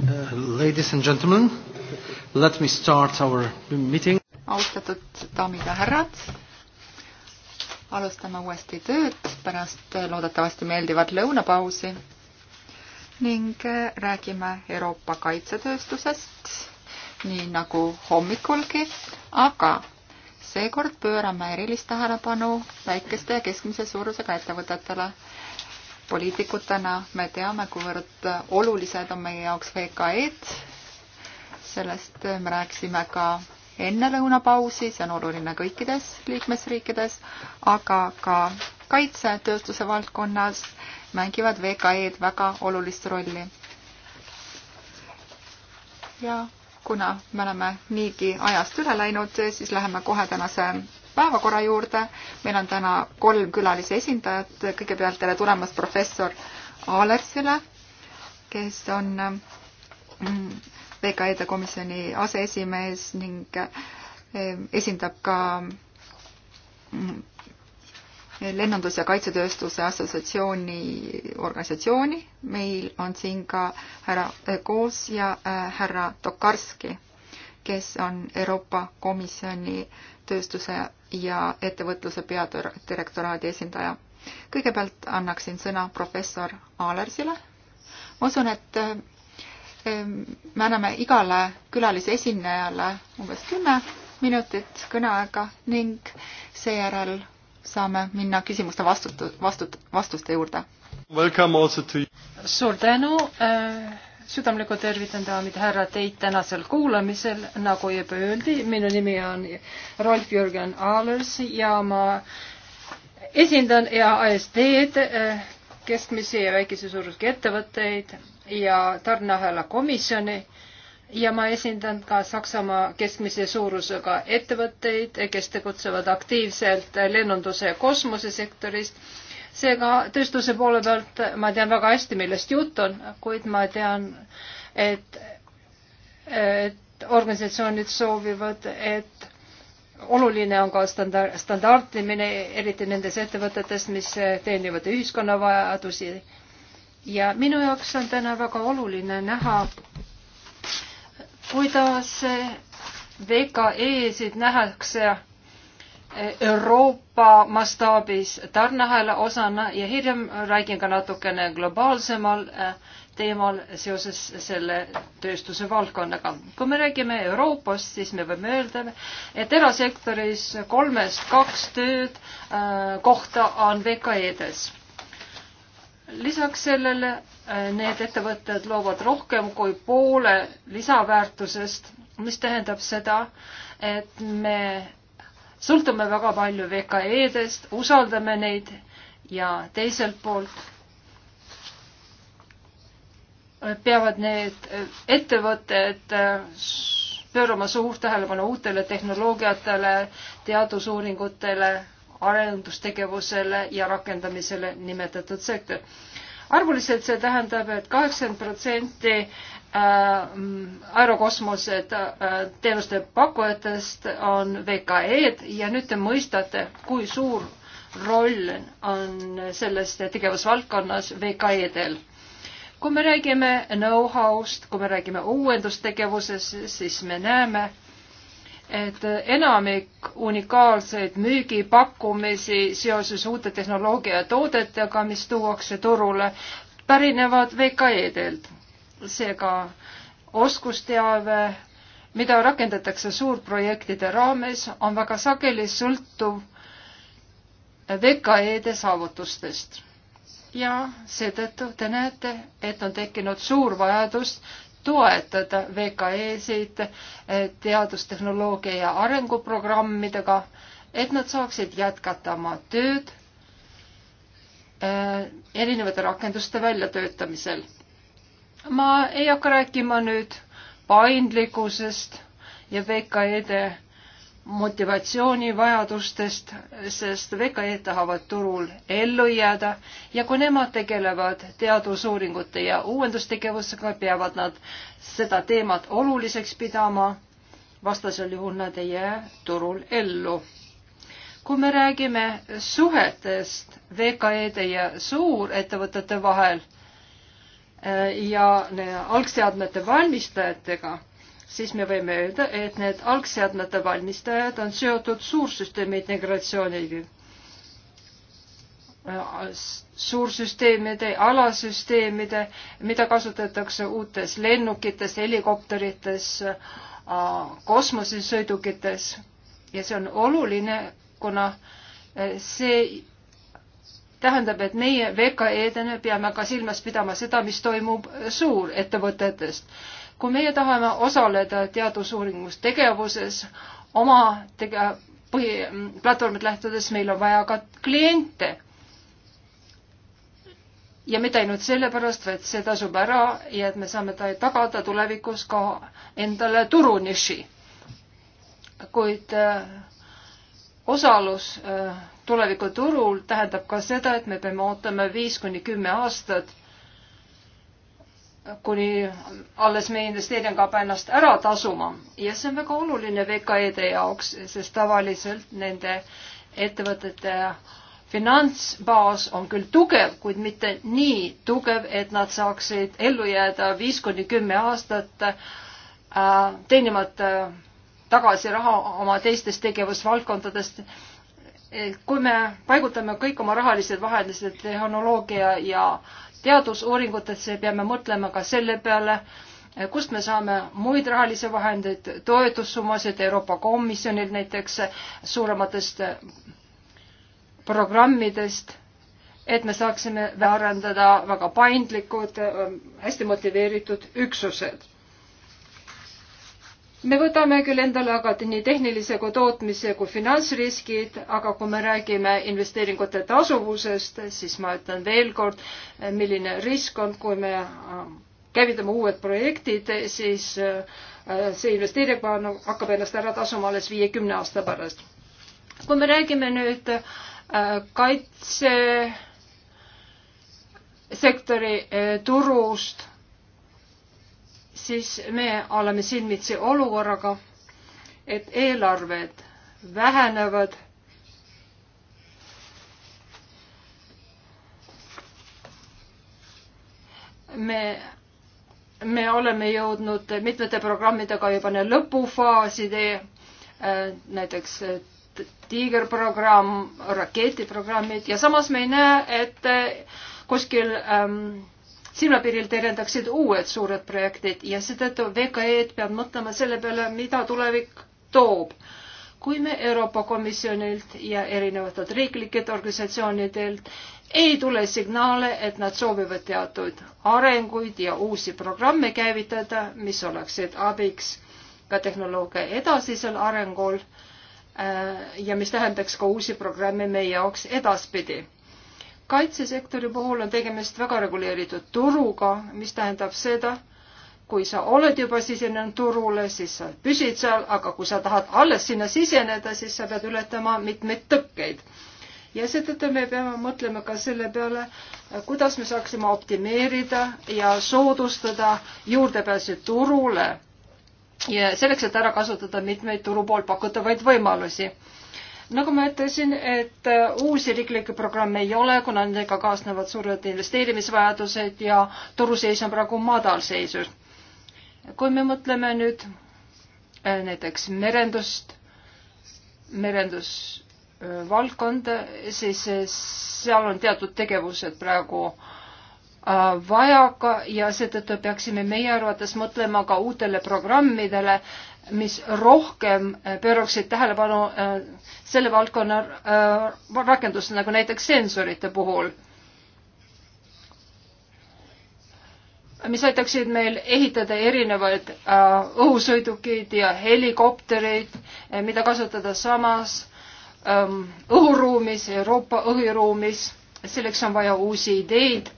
Uh, ladies and gentlemen, let me start our meeting. austatud daamid ja härrad, alustame uuesti tööd pärast loodetavasti meeldivat lõunapausi ning räägime Euroopa kaitsetööstusest, nii nagu hommikulgi, aga seekord pöörame erilist tähelepanu väikeste ja keskmise suurusega ettevõtetele poliitikutena me teame, kuivõrd olulised on meie jaoks VKE-d. sellest me rääkisime ka enne lõunapausi, see on oluline kõikides liikmesriikides, aga ka kaitsetööstuse valdkonnas mängivad VKE-d väga olulist rolli. ja kuna me oleme niigi ajast üle läinud, siis läheme kohe tänase päevakorra juurde. meil on täna kolm külalise esindajat. kõigepealt tere tulemast professor Aalersile, kes on mm, VKE-de komisjoni aseesimees ning eh, esindab ka mm, lennundus- ja kaitsetööstuse assotsiatsiooni organisatsiooni. meil on siin ka härra Koos ja eh, härra Tokarski kes on Euroopa Komisjoni tööstuse ja ettevõtluse peadirektoraadi esindaja. kõigepealt annaksin sõna professor Aalersile. ma usun, et me anname igale külalisesinejale umbes kümme minutit kõneaega ning seejärel saame minna küsimuste vastut-, vastut-, vastuste juurde. suur tänu äh südamlikult tervitan daamid ja härrad teid tänasel kuulamisel, nagu juba öeldi, minu nimi on Rolf-Jürgen Aalers ja ma esindan EASD-d, eh, keskmisi ja väikese suurusega ettevõtteid ja tarneahela komisjoni ja ma esindan ka Saksamaa keskmise suurusega ettevõtteid, kes tegutsevad aktiivselt lennunduse ja kosmosesektorist seega tööstuse poole pealt ma tean väga hästi, millest jutt on, kuid ma tean, et, et organisatsioonid soovivad, et oluline on ka standard, standardimine, eriti nendes ettevõtetes, mis teenivad ühiskonna vajadusi. ja minu jaoks on täna väga oluline näha, kuidas VKE-sid nähakse Euroopa mastaabis tarnehääle osana ja hiljem räägin ka natukene globaalsemal äh, teemal seoses selle tööstuse valdkonnaga. kui me räägime Euroopast, siis me võime öelda, et erasektoris kolmest kaks tööd äh, kohta on VKE-des. lisaks sellele äh, need ettevõtted loovad rohkem kui poole lisaväärtusest, mis tähendab seda, et me sõltume väga palju VKE-dest, usaldame neid ja teiselt poolt äh, peavad need äh, ettevõtted äh, pöörama suurt tähelepanu uutele tehnoloogiatele, teadusuuringutele, arendustegevusele ja rakendamisele nimetatud sektor. arvuliselt see tähendab et, et kaheksakümmend protsenti Äh, aerokosmose äh, teenuste pakkujatest on VKE-d ja nüüd te mõistate, kui suur roll on selles tegevusvaldkonnas VKE-del. kui me räägime know-how'st, kui me räägime uuendustegevusest, siis me näeme, et enamik unikaalseid müügipakkumisi seoses uute tehnoloogia toodetega, mis tuuakse turule, pärinevad VKE-delt seega oskusteave, mida rakendatakse suurprojektide raames, on väga sageli sõltuv VKE-de saavutustest. ja seetõttu te näete, et on tekkinud suur vajadus toetada VKE-sid eh, teadustehnoloogia ja arenguprogrammidega, et nad saaksid jätkata oma tööd eh, erinevate rakenduste väljatöötamisel ma ei hakka rääkima nüüd paindlikkusest ja VKE-de motivatsioonivajadustest, sest VKE-d tahavad turul ellu jääda ja kui nemad tegelevad teadusuuringute ja uuendustegevusega, peavad nad seda teemat oluliseks pidama, vastasel juhul nad ei jää turul ellu. kui me räägime suhetest VKE-de ja suurettevõtete vahel, Äh, ja algseadmete valmistajatega, siis me võime öelda, et need algseadmete valmistajad on seotud suursüsteemi integratsiooniga. Äh, suursüsteemide, alasüsteemide, mida kasutatakse uutes lennukites, helikopterites, äh, kosmosesõidukites ja see on oluline, kuna see tähendab, et meie VKE-dena peame ka silmas pidama seda, mis toimub suurettevõtetest. kui meie tahame osaleda teadusuuringus tegevuses, oma tege-, põhi, platvormilt lähtudes meil on vaja ka kliente. ja mitte ainult sellepärast, vaid see tasub ära ja et me saame ta tagada tulevikus ka endale turuniši. kuid äh, osalus äh, tulevikuturul tähendab ka seda, et me peame ootama viis kuni kümme aastat, kuni alles meie investeering hakkab ennast ära tasuma ja see on väga oluline VKE-de jaoks, sest tavaliselt nende ettevõtete finantsbaas on küll tugev, kuid mitte nii tugev, et nad saaksid ellu jääda viis kuni kümme aastat äh, teenimata äh, tagasi raha oma teistest tegevusvaldkondadest. kui me paigutame kõik oma rahalised vahendused tehnoloogia ja teadusuuringutesse, peame mõtlema ka selle peale, kust me saame muid rahalisi vahendeid, toetussummasid Euroopa Komisjonilt näiteks suurematest programmidest, et me saaksime arendada väga paindlikud, hästi motiveeritud üksused me võtame küll endale aga nii tehnilise kui tootmise kui finantsriskid, aga kui me räägime investeeringute tasuvusest, siis ma ütlen veel kord, milline risk on, kui me äh, käivitame uued projektid, siis äh, see investeering hakkab ennast ära tasuma alles viiekümne aasta pärast. kui me räägime nüüd äh, kaitsesektori turust siis me oleme silmitsi olukorraga, et eelarved vähenevad. me, me oleme jõudnud mitmete programmidega juba lõpufaaside, äh, näiteks äh, tiigerprogramm, raketiprogrammid ja samas me ei näe, et äh, kuskil ähm, silmapiiril terendaksid uued suured projektid ja seetõttu VKE-d peab mõtlema selle peale, mida tulevik toob. kui me Euroopa Komisjonilt ja erinevatelt riiklikelt organisatsioonidelt ei tule signaale, et nad soovivad teatud arenguid ja uusi programme käivitada, mis oleksid abiks ka tehnoloogia edasisel arengul äh, ja mis tähendaks ka uusi programme meie jaoks edaspidi kaitsesektori puhul on tegemist väga reguleeritud turuga, mis tähendab seda, kui sa oled juba sisenenud turule, siis sa püsid seal, aga kui sa tahad alles sinna siseneda, siis sa pead ületama mitmeid tõkkeid. ja seetõttu me peame mõtlema ka selle peale, kuidas me saaksime optimeerida ja soodustada juurdepääsu turule ja selleks, et ära kasutada mitmeid turu poolt pakutavaid võimalusi nagu ma ütlesin, et äh, uusi riiklikke programme ei ole, kuna nendega kaasnevad suured investeerimisvajadused ja turuseis on praegu madalseisus. kui me mõtleme nüüd äh, näiteks merendust, merendusvaldkonda, siis äh, seal on teatud tegevused praegu vajaka ja seetõttu peaksime meie arvates mõtlema ka uutele programmidele, mis rohkem äh, pööraksid tähelepanu äh, selle valdkonna äh, rakendust, nagu näiteks sensorite puhul, mis aitaksid meil ehitada erinevaid õhusõidukeid ja helikoptereid, mida kasutada samas ähm, õhuruumis, Euroopa õhuruumis, selleks on vaja uusi ideid,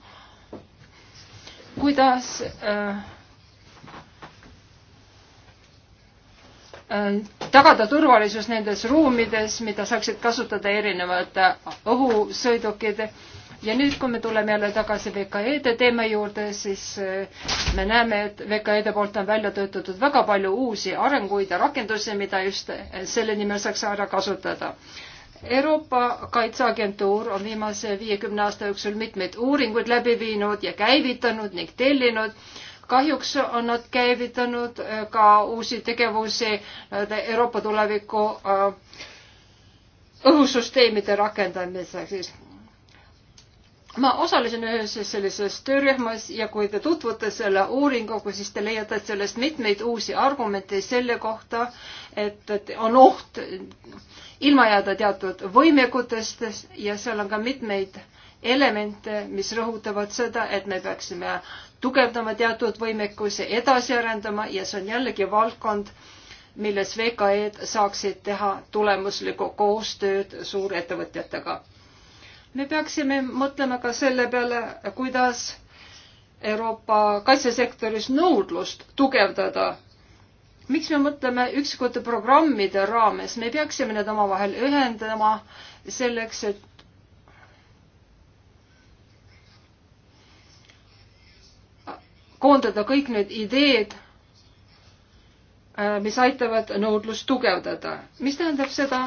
kuidas äh, Äh, tagada turvalisus nendes ruumides, mida saaksid kasutada erinevad äh, õhusõidukid. ja nüüd, kui me tuleme jälle tagasi VKE-de teema juurde, siis äh, me näeme, et VKE-de poolt on välja töötatud väga palju uusi arenguid ja rakendusi, mida just selle nimel saaks ära kasutada. Euroopa Kaitseagentuur on viimase viiekümne aasta jooksul mitmeid uuringuid läbi viinud ja käivitanud ning tellinud kahjuks on nad käivitanud äh, ka uusi tegevusi äh, Euroopa tuleviku äh, õhusüsteemide rakendamiseks ma osalesin ühes sellises töörühmas ja kui te tutvute selle uuringuga, siis te leiate sellest mitmeid uusi argumente selle kohta, et, et on oht ilma jääda teatud võimekutest ja seal on ka mitmeid elemente, mis rõhutavad seda, et me peaksime tugevdama teatud võimekusi, edasi arendama ja see on jällegi valdkond, milles VKE-d saaksid teha tulemuslikku koostööd suurettevõtjatega. me peaksime mõtlema ka selle peale, kuidas Euroopa kaitsesektoris nõudlust tugevdada. miks me mõtleme üksikute programmide raames, me peaksime need omavahel ühendama selleks, et koondada kõik need ideed, äh, mis aitavad nõudlust tugevdada, mis tähendab seda,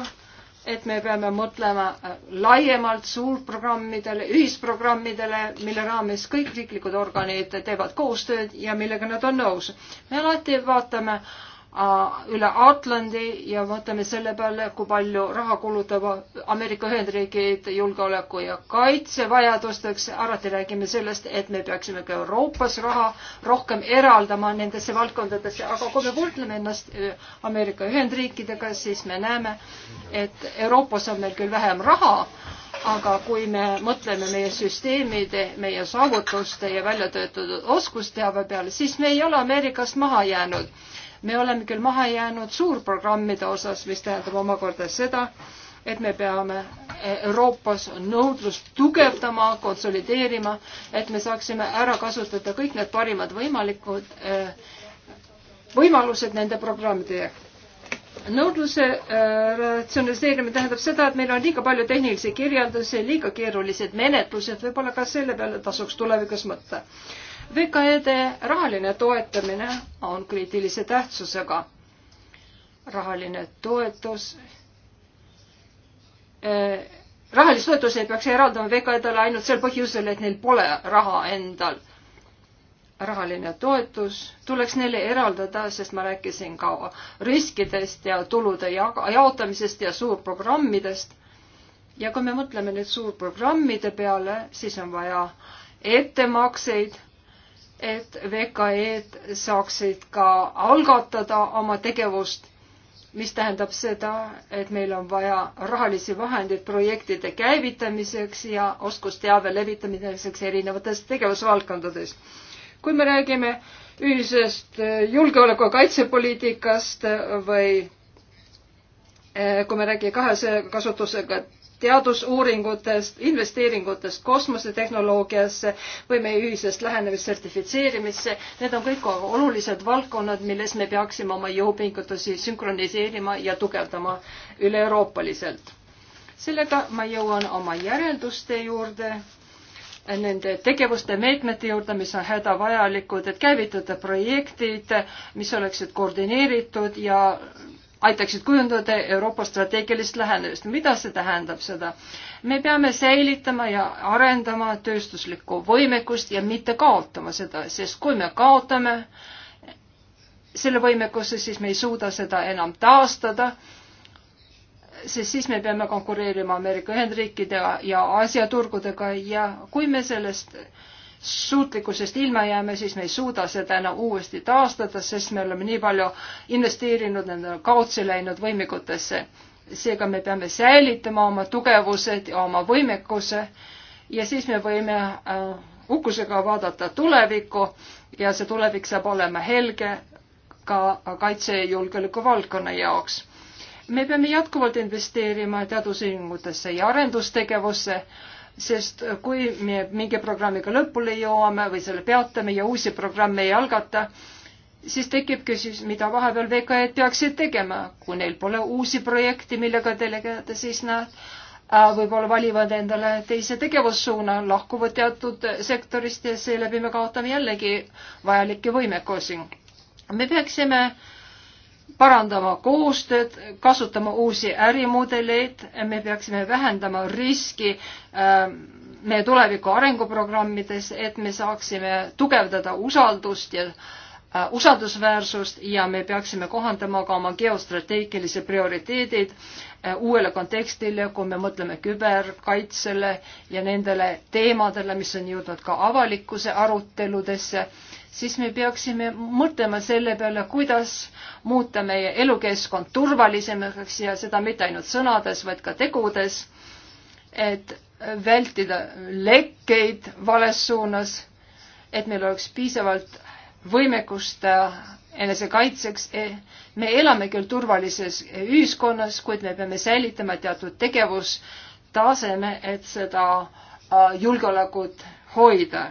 et me peame mõtlema äh, laiemalt suurprogrammidele, ühisprogrammidele, mille raames kõik riiklikud organid teevad koostööd ja millega nad on nõus. me alati vaatame üle Atlandi ja mõtleme selle peale, kui palju raha kulutab Ameerika Ühendriigid julgeoleku ja kaitsevajadusteks. alati räägime sellest, et me peaksime ka Euroopas raha rohkem eraldama nendesse valdkondadesse, aga kui me võrdleme ennast e, Ameerika Ühendriikidega, siis me näeme, et Euroopas on meil küll vähem raha, aga kui me mõtleme meie süsteemide, meie saavutuste ja välja töötatud oskusteave peale, siis me ei ole Ameerikast maha jäänud me oleme küll maha jäänud suurprogrammide osas, mis tähendab omakorda seda, et me peame Euroopas nõudlust tugevdama, konsolideerima, et me saaksime ära kasutada kõik need parimad võimalikud eh, võimalused nende programmide nõudluse eh, ratsionaliseerimine tähendab seda, et meil on liiga palju tehnilisi kirjeldusi, liiga keerulised menetlused, võib-olla ka selle peale tasuks tulevikus mõtta VKE-de rahaline toetamine on kriitilise tähtsusega. rahaline toetus eh, rahalist toetust ei peaks eraldama VKE-dele ainult sel põhjusel, et neil pole raha endal. rahaline toetus tuleks neile eraldada, sest ma rääkisin ka riskidest ja tulude jaotamisest ja suurprogrammidest. ja kui me mõtleme nüüd suurprogrammide peale, siis on vaja ettemakseid et VKE-d saaksid ka algatada oma tegevust, mis tähendab seda, et meil on vaja rahalisi vahendeid projektide käivitamiseks ja oskusteave levitamiseks erinevates tegevusvaldkondades. kui me räägime ühisest äh, julgeoleku- ja kaitsepoliitikast äh, või äh, kui me räägime kahese kasutusega teadusuuringutest, investeeringutest kosmosetehnoloogiasse või meie ühisest lähenemist sertifitseerimisse. Need on kõik olulised valdkonnad, milles me peaksime oma jõupingutusi sünkroniseerima ja tugevdama üle-euroopaliselt. sellega ma jõuan oma järelduste juurde, nende tegevuste, meetmete juurde, mis on hädavajalikud, et käivitada projektid, mis oleksid koordineeritud ja aitaksid kujundada Euroopa strateegilist lähenemist. mida see tähendab seda? me peame säilitama ja arendama tööstuslikku võimekust ja mitte kaotama seda, sest kui me kaotame selle võimekuse, siis me ei suuda seda enam taastada, sest siis me peame konkureerima Ameerika Ühendriikidega ja Aasia turgudega ja kui me sellest äh, suutlikkusest ilma jääme, siis me ei suuda seda enam uuesti taastada, sest me oleme nii palju investeerinud nende kaotsi läinud võimikutesse. seega me peame säilitama oma tugevused ja oma võimekuse ja siis me võime äh, uhkusega vaadata tulevikku ja see tulevik saab olema helge ka kaitse ja julgeoleku valdkonna jaoks. me peame jätkuvalt investeerima teadusuuringutesse ja arendustegevusse sest kui me mingi programmiga lõpule jõuame või selle peatame ja uusi programme ei algata, siis tekib küsimus, mida vahepeal VKE-d peaksid tegema, kui neil pole uusi projekte, millega tegeleda, siis nad äh, võib-olla valivad endale teise tegevussuuna, lahkuvad teatud sektorist ja seeläbi me kaotame jällegi vajalikke võimekusi. me peaksime äh, parandama koostööd, kasutama uusi ärimudeleid, me peaksime vähendama riski ähm, meie tuleviku arenguprogrammides, et me saaksime tugevdada usaldust ja äh, usaldusväärsust ja me peaksime kohandama ka oma geostrateegilised prioriteedid äh, uuele kontekstile, kui me mõtleme küberkaitsele ja nendele teemadele, mis on jõudnud ka avalikkuse aruteludesse siis me peaksime mõtlema selle peale, kuidas muuta meie elukeskkond turvalisemaks ja seda mitte ainult sõnades, vaid ka tegudes, et vältida lekkeid vales suunas, et meil oleks piisavalt võimekust enesekaitseks. me elame küll turvalises ühiskonnas, kuid me peame säilitama teatud tegevustaseme, et seda äh, julgeolekut hoida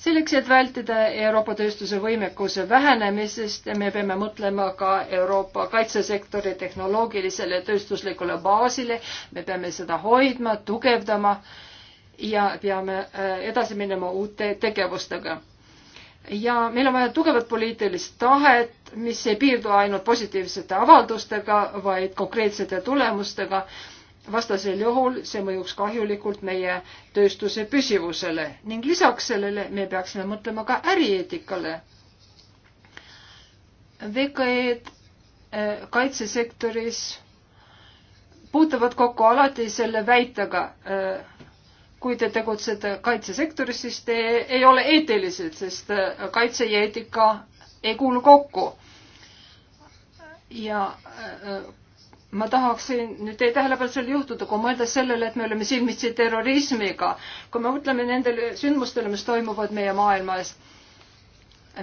selleks, et vältida Euroopa tööstuse võimekuse vähenemisest, me peame mõtlema ka Euroopa kaitsesektori tehnoloogilisele tööstuslikule baasile, me peame seda hoidma, tugevdama ja peame äh, edasi minema uute tegevustega. ja meil on vaja tugevat poliitilist tahet, mis ei piirdu ainult positiivsete avaldustega, vaid konkreetsete tulemustega vastasel juhul see mõjuks kahjulikult meie tööstuse püsivusele ning lisaks sellele me peaksime mõtlema ka ärieetikale. VKE-d eh, kaitsesektoris puutuvad kokku alati selle väitega, eh, kui te tegutsete kaitsesektoris, siis te ei ole eetilised, sest eh, kaitse ja eetika ei kuulu kokku. ja ma tahaksin nüüd teie tähelepanu seal juhtuda, kui mõelda sellele, et me oleme silmitsi terrorismiga, kui me mõtleme nendele sündmustele, mis toimuvad meie maailmas.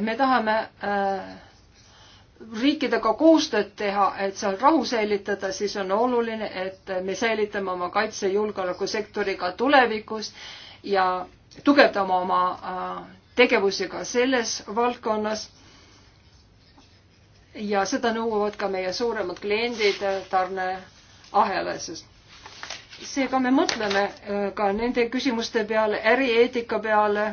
me tahame äh, riikidega koostööd teha, et seal rahu säilitada, siis on oluline, et me säilitame oma kaitse- ja julgeolekusektoriga tulevikus ja tugevdame oma äh, tegevusi ka selles valdkonnas ja seda nõuavad ka meie suuremad kliendid tarneahelases. seega me mõtleme äh, ka nende küsimuste peale, ärieetika peale,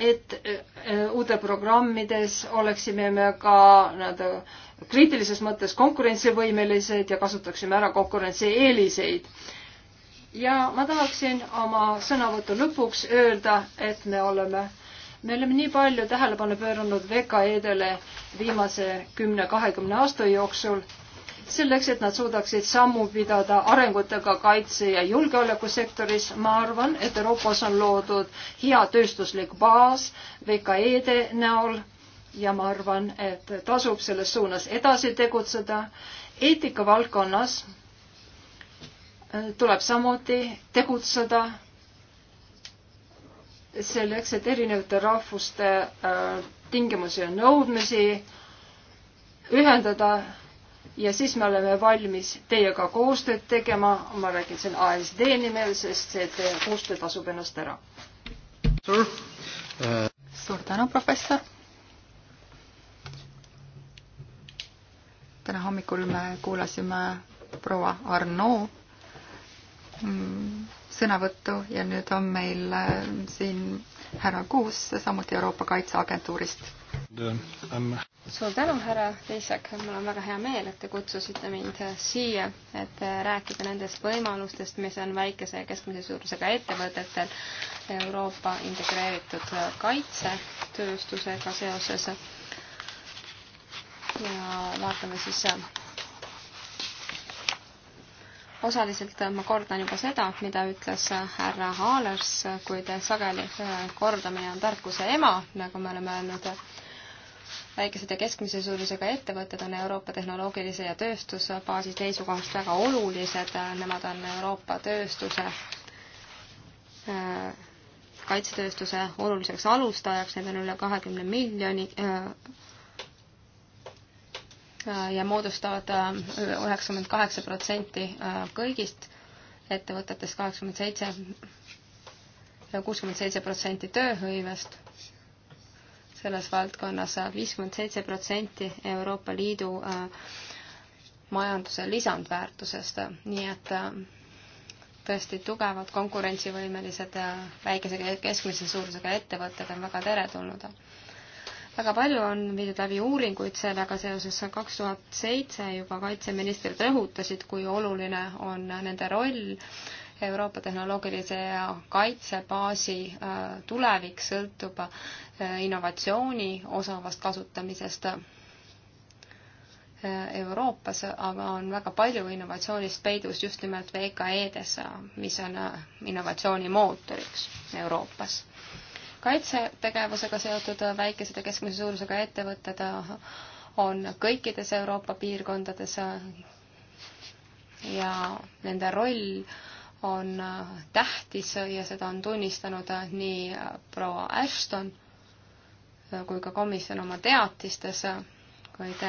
et äh, uute programmides oleksime me ka nii-öelda kriitilises mõttes konkurentsivõimelised ja kasutaksime ära konkurentsieeliseid ja ma tahaksin oma sõnavõtu lõpuks öelda, et me oleme me oleme nii palju tähelepanu pööranud VKE-dele viimase kümne-kahekümne aasta jooksul, selleks, et nad suudaksid sammu pidada arengutega kaitse- ja julgeolekusektoris, ma arvan, et Euroopas on loodud hea tööstuslik baas VKE-de näol ja ma arvan, et tasub selles suunas edasi tegutseda. eetika valdkonnas äh, tuleb samuti tegutseda selleks, et erinevate rahvuste äh, tingimusi ja nõudmisi ühendada ja siis me oleme valmis teiega koostööd tegema, ma räägin siin ASD nimel, sest see koostöö tasub ennast ära. suur tänu, professor. täna hommikul me kuulasime proua Arnaud Mm, sõnavõttu ja nüüd on meil äh, siin härra Kuus, samuti Euroopa Kaitseagentuurist. Um, suur tänu, härra Liisak, mul on väga hea meel, et te kutsusite mind siia, et äh, rääkida nendest võimalustest, mis on väikese ja keskmise suurusega ettevõtetel Euroopa integreeritud äh, kaitsetööstusega seoses. ja vaatame siis osaliselt äh, ma kordan juba seda, mida ütles äh, härra Haalers, äh, kuid sageli kordamine on tarkuse ema, nagu me oleme öelnud. väikesed ja keskmise suurusega ettevõtted on Euroopa tehnoloogilise ja tööstusbaasi seisukohast väga olulised, nemad on Euroopa tööstuse kaitsetööstuse oluliseks alustajaks, neid on üle kahekümne miljoni äh, Äh, ja moodustavad äh, üheksakümmend kaheksa protsenti äh, kõigist ettevõtetest, kaheksakümmend seitse, kuuskümmend seitse protsenti tööhõivest selles valdkonnas, viiskümmend seitse protsenti Euroopa Liidu majanduse lisandväärtusest, nii et tõesti tugevad, konkurentsivõimelised väikese ja keskmise suurusega ettevõtted on väga teretulnud väga palju on viidud läbi uuringuid sellega seoses, kaks tuhat seitse juba kaitseministrid rõhutasid, kui oluline on nende roll Euroopa tehnoloogilise ja kaitsebaasi äh, tulevik sõltub äh, innovatsiooni osavast kasutamisest äh, Euroopas, aga on väga palju innovatsioonist peidus just nimelt VKE-des, mis on innovatsiooni mootoriks Euroopas kaitsetegevusega seotud väikesed ja keskmise suurusega ettevõtted ah, on kõikides Euroopa piirkondades ja nende roll on ah, tähtis ja seda on tunnistanud ah, nii proua Ashton kui ka komisjon oma teatistes, kuid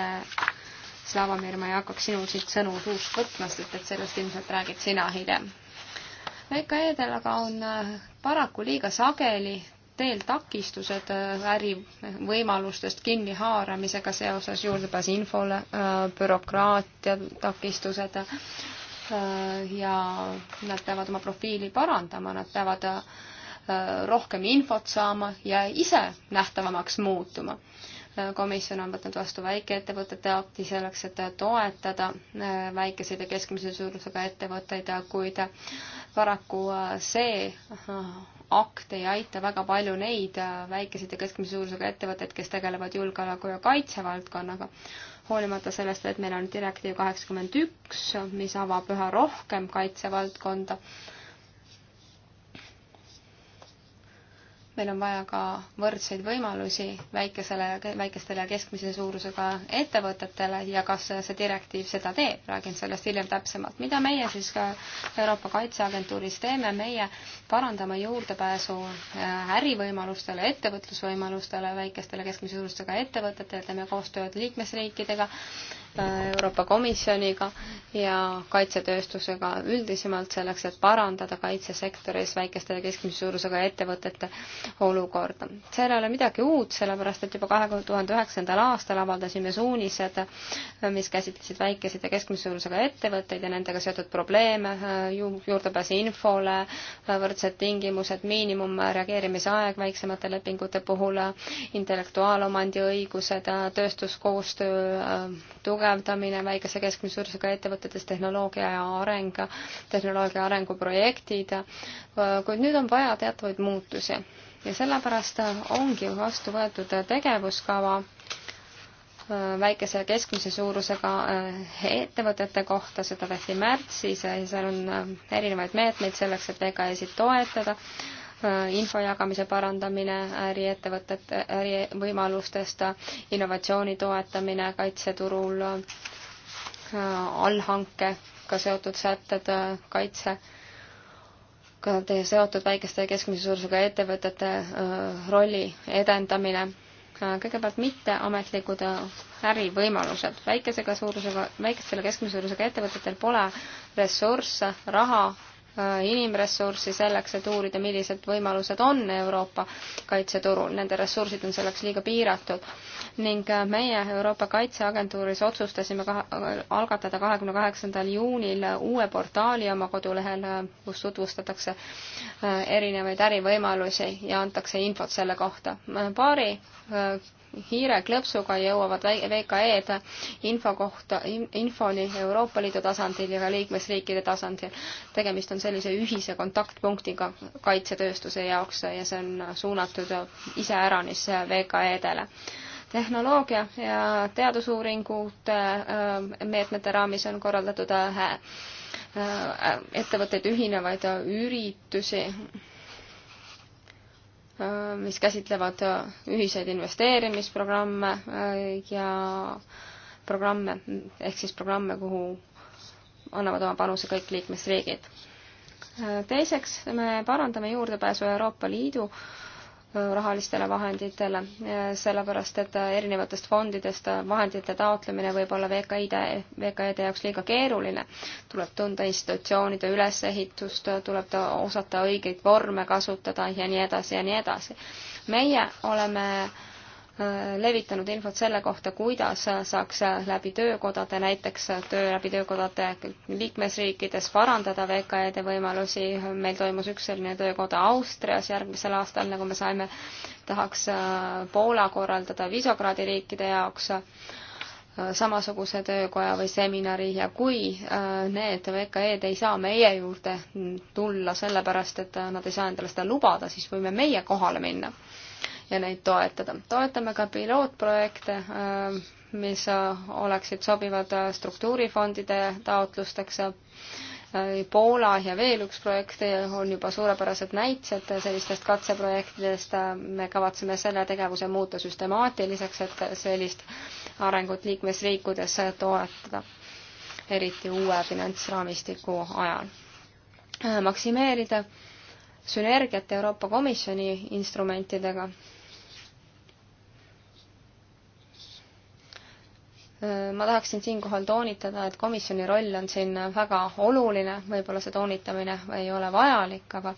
Slavomir, ma ei hakkaks sinul siit sõnu suust võtma, sest et sellest ilmselt räägid sina hiljem. VKE-del aga on paraku liiga sageli teel takistused äh, ärivõimalustest kinnihaaramisega seoses, juurdepääs infole, äh, bürokraatia takistused äh, ja nad peavad oma profiili parandama, nad peavad rohkem infot saama ja ise nähtavamaks muutuma. komisjon on võtnud vastu väikeettevõtete akti selleks, et toetada väikeseid ja keskmise suurusega ettevõtteid, kuid paraku see akt ei aita väga palju neid äh, väikeseid ja keskmise suurusega ettevõtteid, kes tegelevad julgeoleku ja kaitse valdkonnaga. hoolimata sellest, et meil on direktiiv kaheksakümmend üks, mis avab üha rohkem kaitsevaldkonda meil on vaja ka võrdseid võimalusi väikesele, väikestele ja keskmise suurusega ettevõtetele ja kas see direktiiv seda teeb, räägin sellest hiljem täpsemalt. mida meie siis ka Euroopa Kaitseagentuuris teeme, meie parandame juurdepääsu äh, ärivõimalustele, ettevõtlusvõimalustele väikestele keskmise suurustega ettevõtetele, teeme koostööd liikmesriikidega Euroopa Komisjoniga ja kaitsetööstusega üldisemalt selleks, et parandada kaitsesektoris väikeste ja keskmise suurusega ettevõtete olukorda. seal ei ole midagi uut, sellepärast et juba kahe tuhande üheksandal aastal avaldasime suunised, mis käsitlesid väikeseid ja keskmise suurusega ettevõtteid ja nendega seotud probleeme, juurdepääs infole, võrdsed tingimused, miinimum reageerimisaeg väiksemate lepingute puhul, intellektuaalomandi õigused, tööstuskoostöö tugev tugevdamine väikese keskmise suurusega ettevõtetes, tehnoloogia ja areng, tehnoloogia arenguprojektid, kuid nüüd on vaja teatavaid muutusi. ja sellepärast ongi vastu võetud tegevuskava väikese ja keskmise suurusega eh, ettevõtete kohta, seda tehti märtsis ja seal on eh, erinevaid meetmeid selleks, et VKE-sid toetada Äh, info jagamise parandamine äriettevõtete, ärivõimalustest, innovatsiooni toetamine kaitseturul, äh, allhankega seotud sätted, äh, kaitse teie seotud väikeste ja keskmise suurusega ettevõtete rolli edendamine. kõigepealt mitteametlikud ärivõimalused. väikesega suurusega, väikestele keskmise suurusega ettevõtetel pole ressursse, raha Äh, inimressurssi selleks, et uurida, millised võimalused on Euroopa kaitseturul, nende ressursid on selleks liiga piiratud. ning äh, meie Euroopa Kaitseagentuuris otsustasime ka, algatada kahekümne kaheksandal juunil uue portaali oma kodulehel, äh, kus tutvustatakse erinevaid ärivõimalusi ja antakse infot selle kohta. paari hiireklõpsuga jõuavad VKE-d info kohta, infoni Euroopa Liidu tasandil ja ka liikmesriikide tasandil. tegemist on sellise ühise kontaktpunktiga kaitsetööstuse jaoks ja see on suunatud iseäranis VKE-dele tehnoloogia ja teadusuuringute äh, meetmete raamis on korraldatud äh, äh, ettevõtteid ühinevaid üritusi Äh, mis käsitlevad äh, ühiseid investeerimisprogramme äh, ja programme, ehk siis programme, kuhu annavad oma panuse kõik liikmesriigid. teiseks, me parandame juurdepääsu Euroopa Liidu äh, rahalistele vahenditele, sellepärast et erinevatest fondidest vahendite taotlemine võib olla VKI-de, VKI-de jaoks liiga keeruline. tuleb tunda institutsioonide ülesehitust, tuleb ta osata õigeid vorme kasutada ja nii edasi ja nii edasi. meie oleme äh, Äh, levitanud infot selle kohta, kuidas saaks läbi töökodade, näiteks töö läbi töökodade liikmesriikides parandada VKE-de võimalusi. meil toimus üks selline töökoda Austrias järgmisel aastal, nagu me saime, tahaks äh, Poola korraldada Visegradi riikide jaoks äh, samasuguse töökoja või seminari ja kui need VKE-d ei saa meie juurde tulla sellepärast, et nad ei saa endale seda lubada, siis võime meie kohale minna ja neid toetada. toetame ka pilootprojekte, äh, mis äh, oleksid sobivad äh, struktuurifondide taotlusteks. Poola ja veel üks projekt on juba suurepärased näitsed sellistest katseprojektidest. me kavatseme selle tegevuse muuta süstemaatiliseks, et sellist arengut liikmesriikides toetada, eriti uue finantsraamistiku ajal. maksimeerida sünergiat Euroopa Komisjoni instrumentidega Äh, ma tahaksin siinkohal toonitada, et komisjoni roll on siin väga oluline, võib-olla see toonitamine ei ole vajalik, aga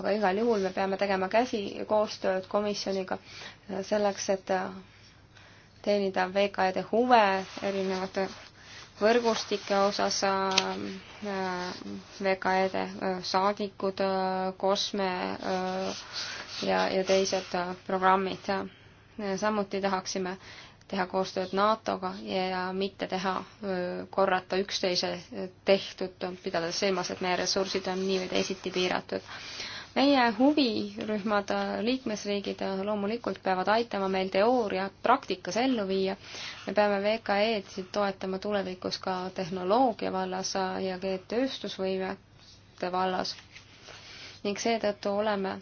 aga igal juhul me peame tegema käsi, koostööd komisjoniga äh, selleks, et äh, teenida VKD huve erinevate võrgustike osas, VKD saadikud, Kosme ja, ja teised programmid. samuti tahaksime teha koostööd NATO-ga ja mitte teha, korrata üksteise tehtud, pidades silmas, et meie ressursid on nii või teisiti piiratud. meie huvirühmad, liikmesriigid loomulikult peavad aitama meil teooria praktikas ellu viia. me peame VKE-d toetama tulevikus ka tehnoloogia vallas ja tööstusvõimete vallas ning seetõttu oleme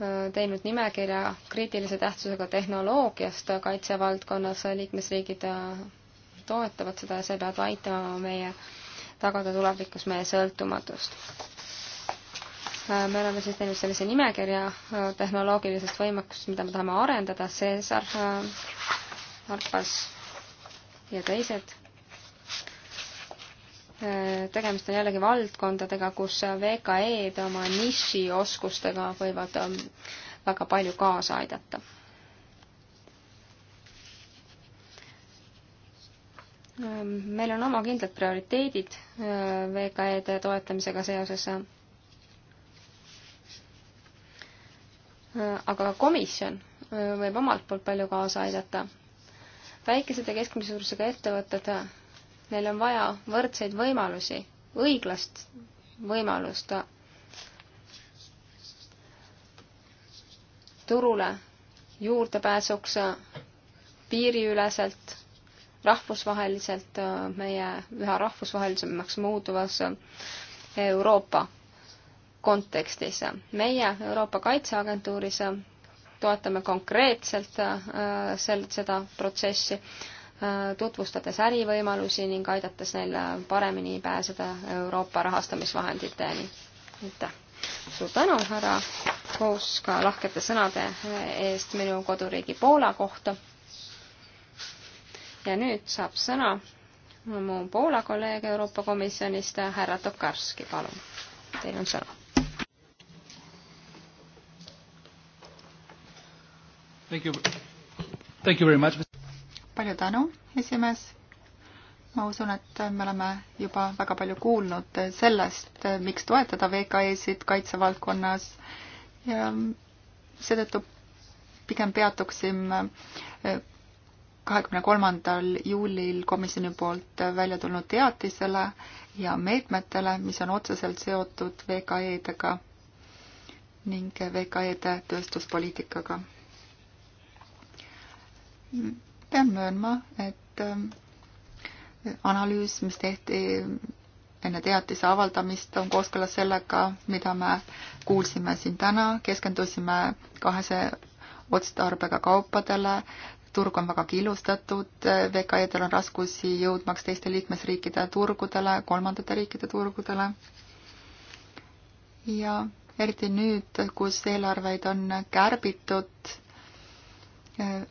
Äh, teinud nimekirja kriitilise tähtsusega tehnoloogiast kaitsevaldkonnas, liikmesriigid äh, toetavad seda ja see peab aitama meie tagada tulevikus meie sõltumatust. Äh, me oleme siis teinud sellise nimekirja tehnoloogilisest võimekust, mida me tahame arendada, Cesar, Arpas ja teised tegemist on jällegi valdkondadega, kus VKE-d oma nišioskustega võivad ähm, väga palju kaasa aidata. Ähm, meil on oma kindlad prioriteedid äh, VKE-de toetamisega seoses. Äh, aga ka komisjon äh, võib omalt poolt palju kaasa aidata. väikesed ja keskmise suurusega ettevõtted meil on vaja võrdseid võimalusi, õiglast võimalust turule juurdepääsuks piiriüleselt, rahvusvaheliselt meie üha rahvusvahelisemaks muutuvas Euroopa kontekstis. meie Euroopa Kaitseagentuuris toetame konkreetselt äh, sel-, seda protsessi, tutvustades ärivõimalusi ning aidates neil paremini pääseda Euroopa rahastamisvahenditeni. aitäh! suur tänu, härra Koos, ka lahkete sõnade eest minu koduriigi Poola kohta. ja nüüd saab sõna mu Poola kolleeg Euroopa Komisjonist, härra Tokarski, palun, teil on sõna. Thank you. Thank you very much palju tänu, esimees. ma usun, et me oleme juba väga palju kuulnud sellest, miks toetada VKE-sid kaitsevaldkonnas ja seetõttu pigem peatuksin eh, kahekümne kolmandal juulil komisjoni poolt välja tulnud teatisele ja meetmetele, mis on otseselt seotud VKE-dega ning VKE-de tööstuspoliitikaga pean möönma, et ähm, analüüs, mis tehti enne teatise avaldamist, on kooskõlas sellega, mida me kuulsime siin täna, keskendusime kahese otstarbega kaupadele, turg on väga killustatud, VKE-del on raskusi jõudmaks teiste liikmesriikide turgudele, kolmandate riikide turgudele. ja eriti nüüd, kus eelarveid on kärbitud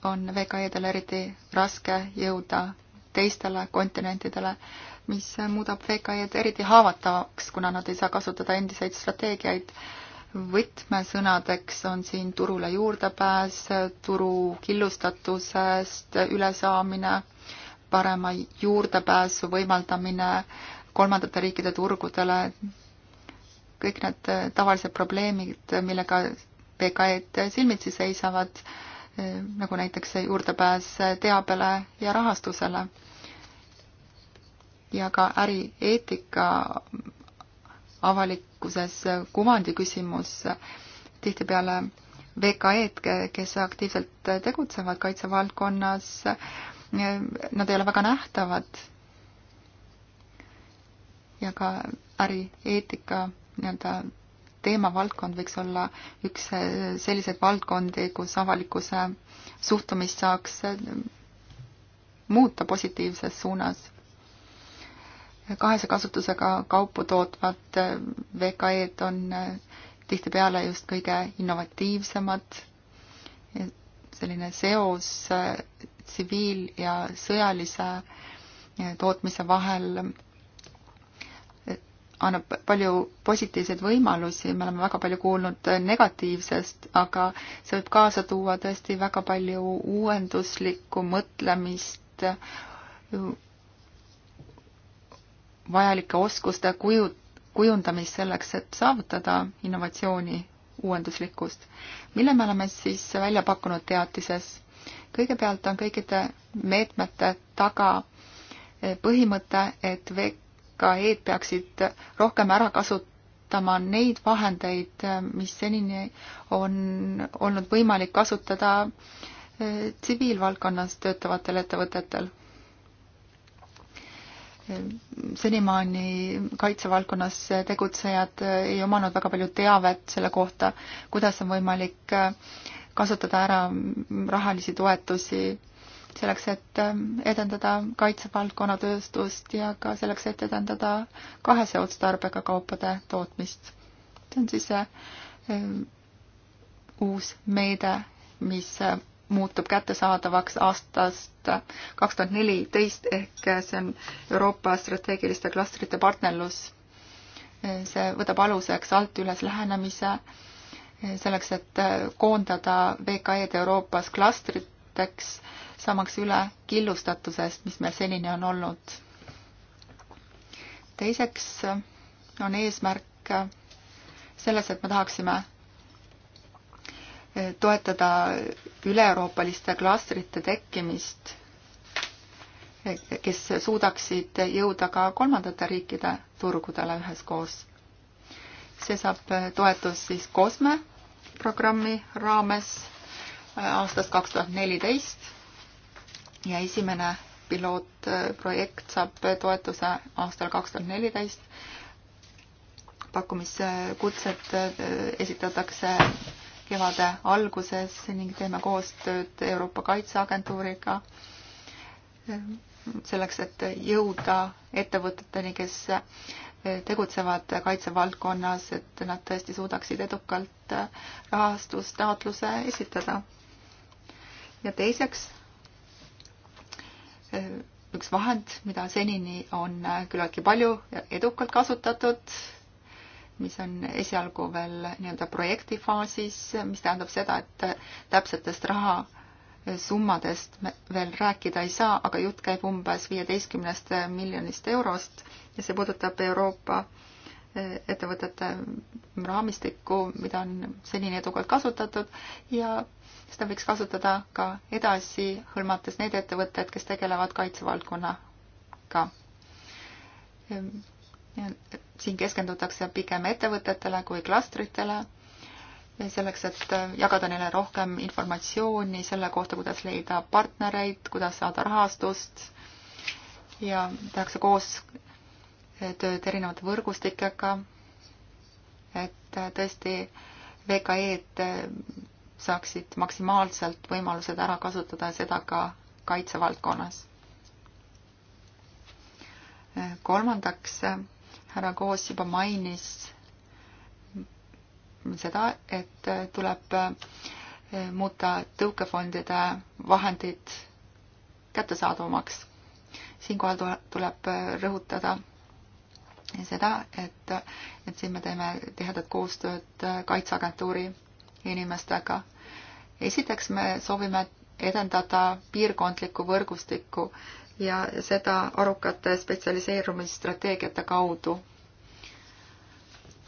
on VKE-del eriti raske jõuda teistele kontinentidele, mis muudab VKE-d eriti haavatavaks, kuna nad ei saa kasutada endiseid strateegiaid. võtmesõnadeks on siin turule juurdepääs, turu killustatusest ülesaamine, parema juurdepääsu võimaldamine kolmandate riikide turgudele, kõik need tavalised probleemid, millega VKE-d silmitsi seisavad nagu näiteks juurdepääs teabele ja rahastusele. ja ka ärieetika avalikkuses kuvandi küsimus tihtipeale VKE-d, kes aktiivselt tegutsevad kaitsevaldkonnas, nad ei ole väga nähtavad. ja ka ärieetika nii-öelda teemavaldkond võiks olla üks eh, selliseid valdkondi, kus avalikkuse suhtumist saaks eh, muuta positiivses suunas. kahese kasutusega kaupu tootvad eh, VKE-d on tihtipeale just kõige innovatiivsemad. selline seos tsiviil- ja sõjalise tootmise vahel annab palju positiivseid võimalusi, me oleme väga palju kuulnud negatiivsest, aga see võib kaasa tuua tõesti väga palju uuenduslikku mõtlemist, vajalike oskuste kuju, kujundamist selleks, et saavutada innovatsiooni, uuenduslikkust. mille me oleme siis välja pakkunud teatises? kõigepealt on kõikide meetmete taga põhimõte, et VEK VKE-d peaksid rohkem ära kasutama neid vahendeid, mis senini on olnud võimalik kasutada eh, tsiviilvaldkonnas töötavatel ettevõtetel. senimaani kaitsevaldkonnas tegutsejad ei omanud väga palju teavet selle kohta, kuidas on võimalik eh, kasutada ära rahalisi toetusi selleks, et ähm, edendada kaitsevaldkonna tööstust ja ka selleks, et edendada kahese otstarbega kaupade tootmist. see on siis see ähm, uus meede, mis äh, muutub kättesaadavaks aastast äh, kaks tuhat neliteist ehk äh, see on Euroopa strateegiliste klastrite partnerlus. see võtab aluseks alt üles lähenemise selleks, et koondada VKE-d Euroopas klastrit meetmeteks, saamaks üle killustatusest, mis meil senini on olnud. teiseks on eesmärk selles, et me tahaksime toetada üle-euroopaliste klastrite tekkimist, kes suudaksid jõuda ka kolmandate riikide turgudele üheskoos. see saab toetust siis COSME programmi raames aastast kaks tuhat neliteist ja esimene pilootprojekt saab toetuse aastal kaks tuhat neliteist. pakkumiskutsed eh, esitatakse kevade alguses ning teeme koostööd Euroopa Kaitseagentuuriga eh, selleks, et jõuda ettevõteteni, kes eh, tegutsevad kaitsevaldkonnas, et nad tõesti suudaksid edukalt rahastustaotluse esitada ja teiseks äh, üks vahend, mida senini on äh, küllaltki palju ja edukalt kasutatud, mis on esialgu veel nii-öelda projekti faasis, mis tähendab seda, et äh, täpsetest rahasummadest me veel rääkida ei saa, aga jutt käib umbes viieteistkümnest miljonist eurost ja see puudutab Euroopa ettevõtete raamistikku, mida on senini edukalt kasutatud ja seda võiks kasutada ka edasi, hõlmates need ettevõtted, kes tegelevad kaitsevaldkonnaga. Ehm, siin keskendutakse pigem ettevõtetele kui klastritele, selleks, et äh, jagada neile rohkem informatsiooni selle kohta, kuidas leida partnereid, kuidas saada rahastust ja tehakse koos äh, tööd erinevate võrgustikega, et äh, tõesti VKE-d saaksid maksimaalselt võimalused ära kasutada ja seda ka kaitsevaldkonnas. kolmandaks, härra Koos juba mainis seda, et tuleb muuta tõukefondide vahendid kättesaadavamaks. siinkohal tuleb rõhutada seda, et, et siin me teeme tihedat koostööd Kaitseagentuuri inimestega. esiteks me soovime edendada piirkondlikku võrgustikku ja seda arukate spetsialiseerumisstrateegiate kaudu,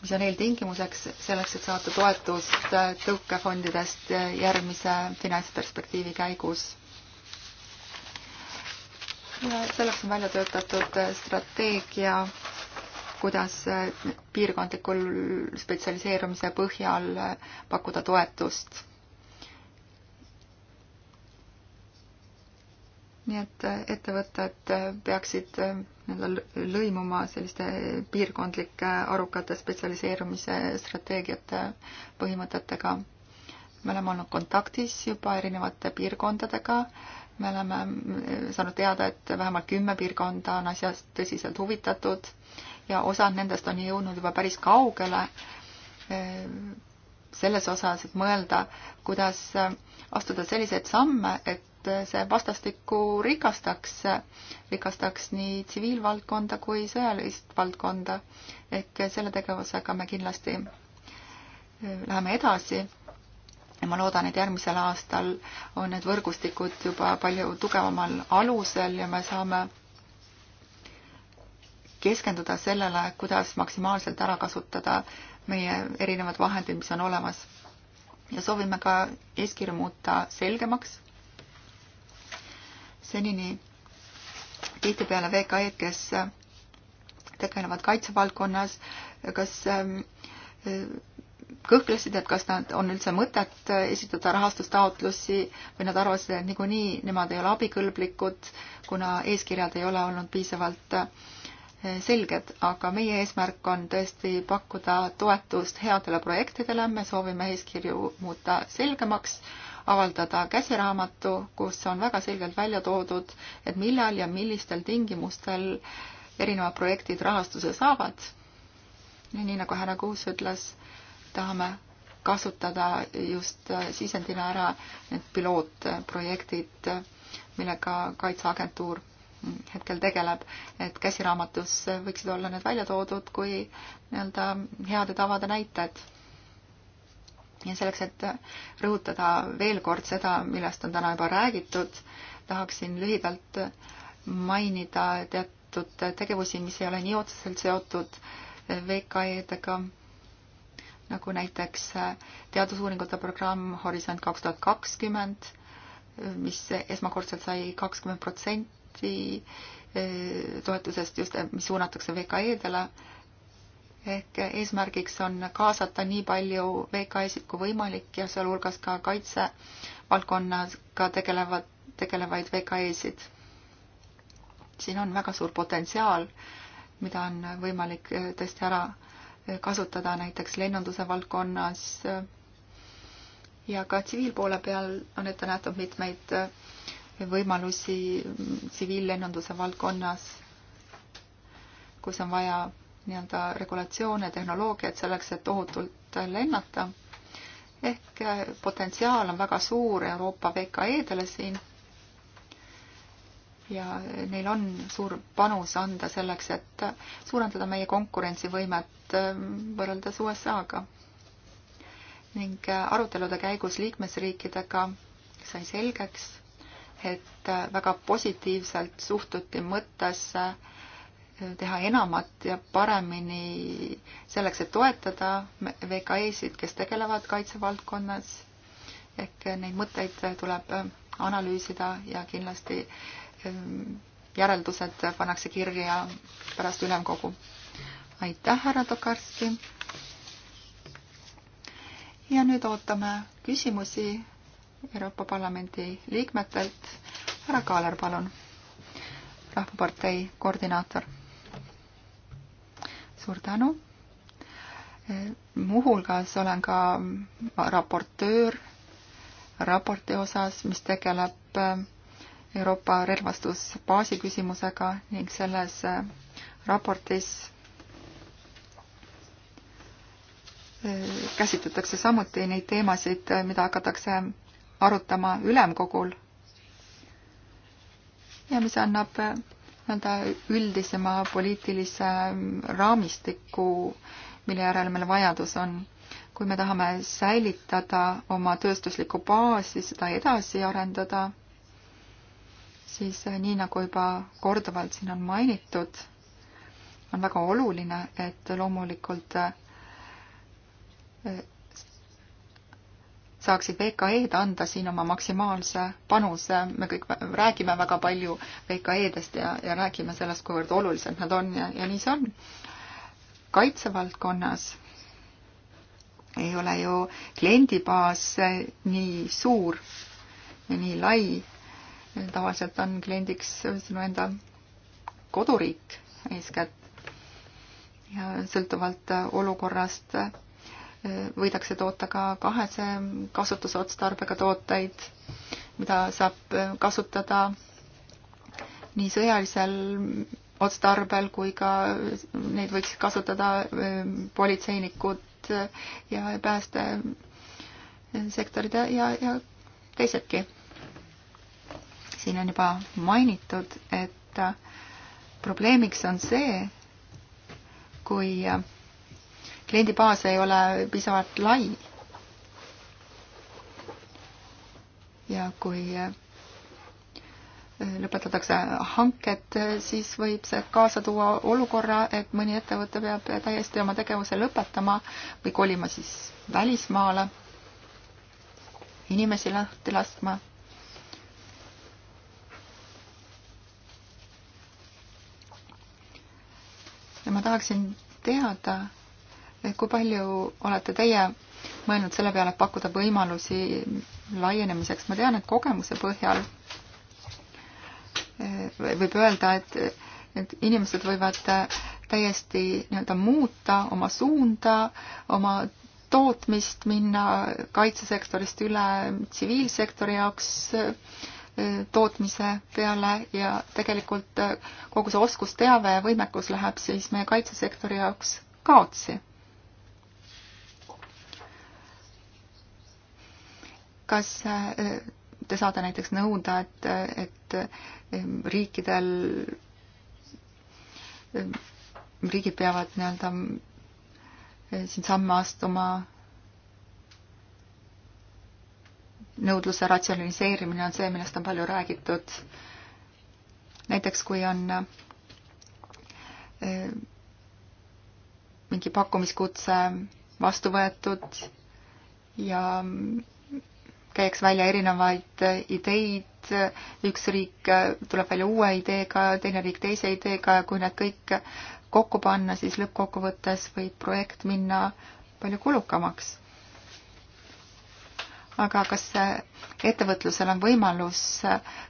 mis on eeltingimuseks selleks, et saada toetust tõukefondidest järgmise finantsperspektiivi käigus. ja selleks on välja töötatud strateegia kuidas äh, piirkondlikul spetsialiseerumise põhjal äh, pakkuda toetust. nii et äh, ettevõtted peaksid nii-öelda lõimuma selliste piirkondlike arukate spetsialiseerumise strateegiate põhimõtetega. me oleme olnud kontaktis juba erinevate piirkondadega me oleme mm, saanud teada, et vähemalt kümme piirkonda on asjast tõsiselt huvitatud ja osad nendest on jõudnud juba päris kaugele eh, selles osas, et mõelda, kuidas eh, astuda selliseid samme, et eh, see vastastikku rikastaks, rikastaks nii tsiviilvaldkonda kui sõjalist valdkonda. ehk selle tegevusega me kindlasti läheme edasi ja ma loodan, et järgmisel aastal on need võrgustikud juba palju tugevamal alusel ja me saame keskenduda sellele, kuidas maksimaalselt ära kasutada meie erinevad vahendid, mis on olemas. ja soovime ka eeskirja muuta selgemaks. senini tihtipeale VKE-d, kes tegelevad kaitsevaldkonnas, kas ähm, kõhklesid, et kas nad, on üldse mõtet esitada rahastustaotlusi või nad arvasid, et niikuinii nemad ei ole abikõlblikud, kuna eeskirjad ei ole olnud piisavalt äh, selged, aga meie eesmärk on tõesti pakkuda toetust headele projektidele, me soovime eeskirju muuta selgemaks, avaldada käsiraamatu, kus on väga selgelt välja toodud, et millal ja millistel tingimustel erinevad projektid rahastuse saavad. nii nagu härra Kuus ütles, tahame kasutada just sisendina ära need pilootprojektid, millega Kaitseagentuur hetkel tegeleb, et käsiraamatus võiksid olla need välja toodud kui nii-öelda heade tavade näited. ja selleks, et rõhutada veel kord seda, millest on täna juba räägitud, tahaksin lühidalt mainida teatud tegevusi, mis ei ole nii otseselt seotud VKE-dega, nagu näiteks teadusuuringute programm Horisont kaks tuhat kakskümmend, mis esmakordselt sai kakskümmend protsenti fondi eh, toetusest just, eh, mis suunatakse VKE-dele. ehk eesmärgiks on kaasata nii palju VKE-sid kui võimalik ja sealhulgas ka kaitsevaldkonnaga tegelevad, tegelevaid VKE-sid. siin on väga suur potentsiaal, mida on võimalik eh, tõesti ära kasutada näiteks lennunduse valdkonnas ja ka tsiviilpoole peal on ette nähtud mitmeid võimalusi mm, tsiviillennunduse valdkonnas, kus on vaja nii-öelda regulatsioone, tehnoloogiat selleks, et ohutult lennata. ehk eh, potentsiaal on väga suur Euroopa VKE-dele siin. ja neil on suur panus anda selleks, et suurendada meie konkurentsivõimet eh, võrreldes USA-ga. ning eh, arutelude käigus liikmesriikidega sai selgeks et väga positiivselt suhtuti mõttesse teha enamat ja paremini selleks, et toetada VKE-sid, kes tegelevad kaitsevaldkonnas. ehk neid mõtteid tuleb äh, analüüsida ja kindlasti äh, järeldused pannakse kirja pärast ülemkogu. aitäh, härra Tokarski. ja nüüd ootame küsimusi Euroopa Parlamendi liikmetelt. härra Kaaler, palun, Rahvapartei koordinaator. suur tänu. muuhulgas olen ka raportöör raporti osas, mis tegeleb Euroopa relvastusbaasi küsimusega ning selles raportis käsitletakse samuti neid teemasid, mida hakatakse arutama ülemkogul ja mis annab nii-öelda üldisema poliitilise raamistiku, mille järele meil vajadus on. kui me tahame säilitada oma tööstuslikku baasi, seda edasi arendada, siis nii, nagu juba korduvalt siin on mainitud, on väga oluline, et loomulikult saaksid VKE-d anda siin oma maksimaalse panuse. me kõik räägime väga palju VKE-dest ja, ja räägime sellest, kuivõrd olulised nad on ja, ja nii see on. kaitsevaldkonnas ei ole ju kliendibaas nii suur ja nii lai. tavaliselt on kliendiks sinu enda koduriik eeskätt ja sõltuvalt olukorrast võidakse toota ka kahese kasutusotstarbega tooteid, mida saab äh, kasutada nii sõjalisel otstarbel kui ka neid võiks kasutada äh, politseinikud äh, ja päästesektorid ja, ja teisedki. siin on juba mainitud, et probleemiks on see, kui kliendibaas ei ole piisavalt lai. ja kui äh, lõpetatakse hanked, äh, siis võib see kaasa tuua olukorra, et mõni ettevõte peab täiesti oma tegevuse lõpetama või kolima siis välismaale, inimesi lahti laskma ja ma tahaksin teada, kui palju olete teie mõelnud selle peale, et pakkuda võimalusi laienemiseks, ma tean, et kogemuse põhjal eh, võib öelda, et, et inimesed võivad eh, täiesti nii-öelda muuta oma suunda, oma tootmist, minna kaitsesektorist üle tsiviilsektori jaoks eh, tootmise peale ja tegelikult kogu see oskusteave ja võimekus läheb siis meie kaitsesektori jaoks kaotsi kas äh, te saate näiteks nõuda, et, äh, et äh, riikidel, riigid peavad nii-öelda siin samme astuma nõudluse ratsionaliseerimine on see, millest on palju räägitud. näiteks kui on mingi pakkumiskutse vastu võetud ja käiks välja erinevaid ideid, üks riik tuleb välja uue ideega, teine riik teise ideega ja kui need kõik kokku panna, siis lõppkokkuvõttes võib projekt minna palju kulukamaks. aga kas ettevõtlusel on võimalus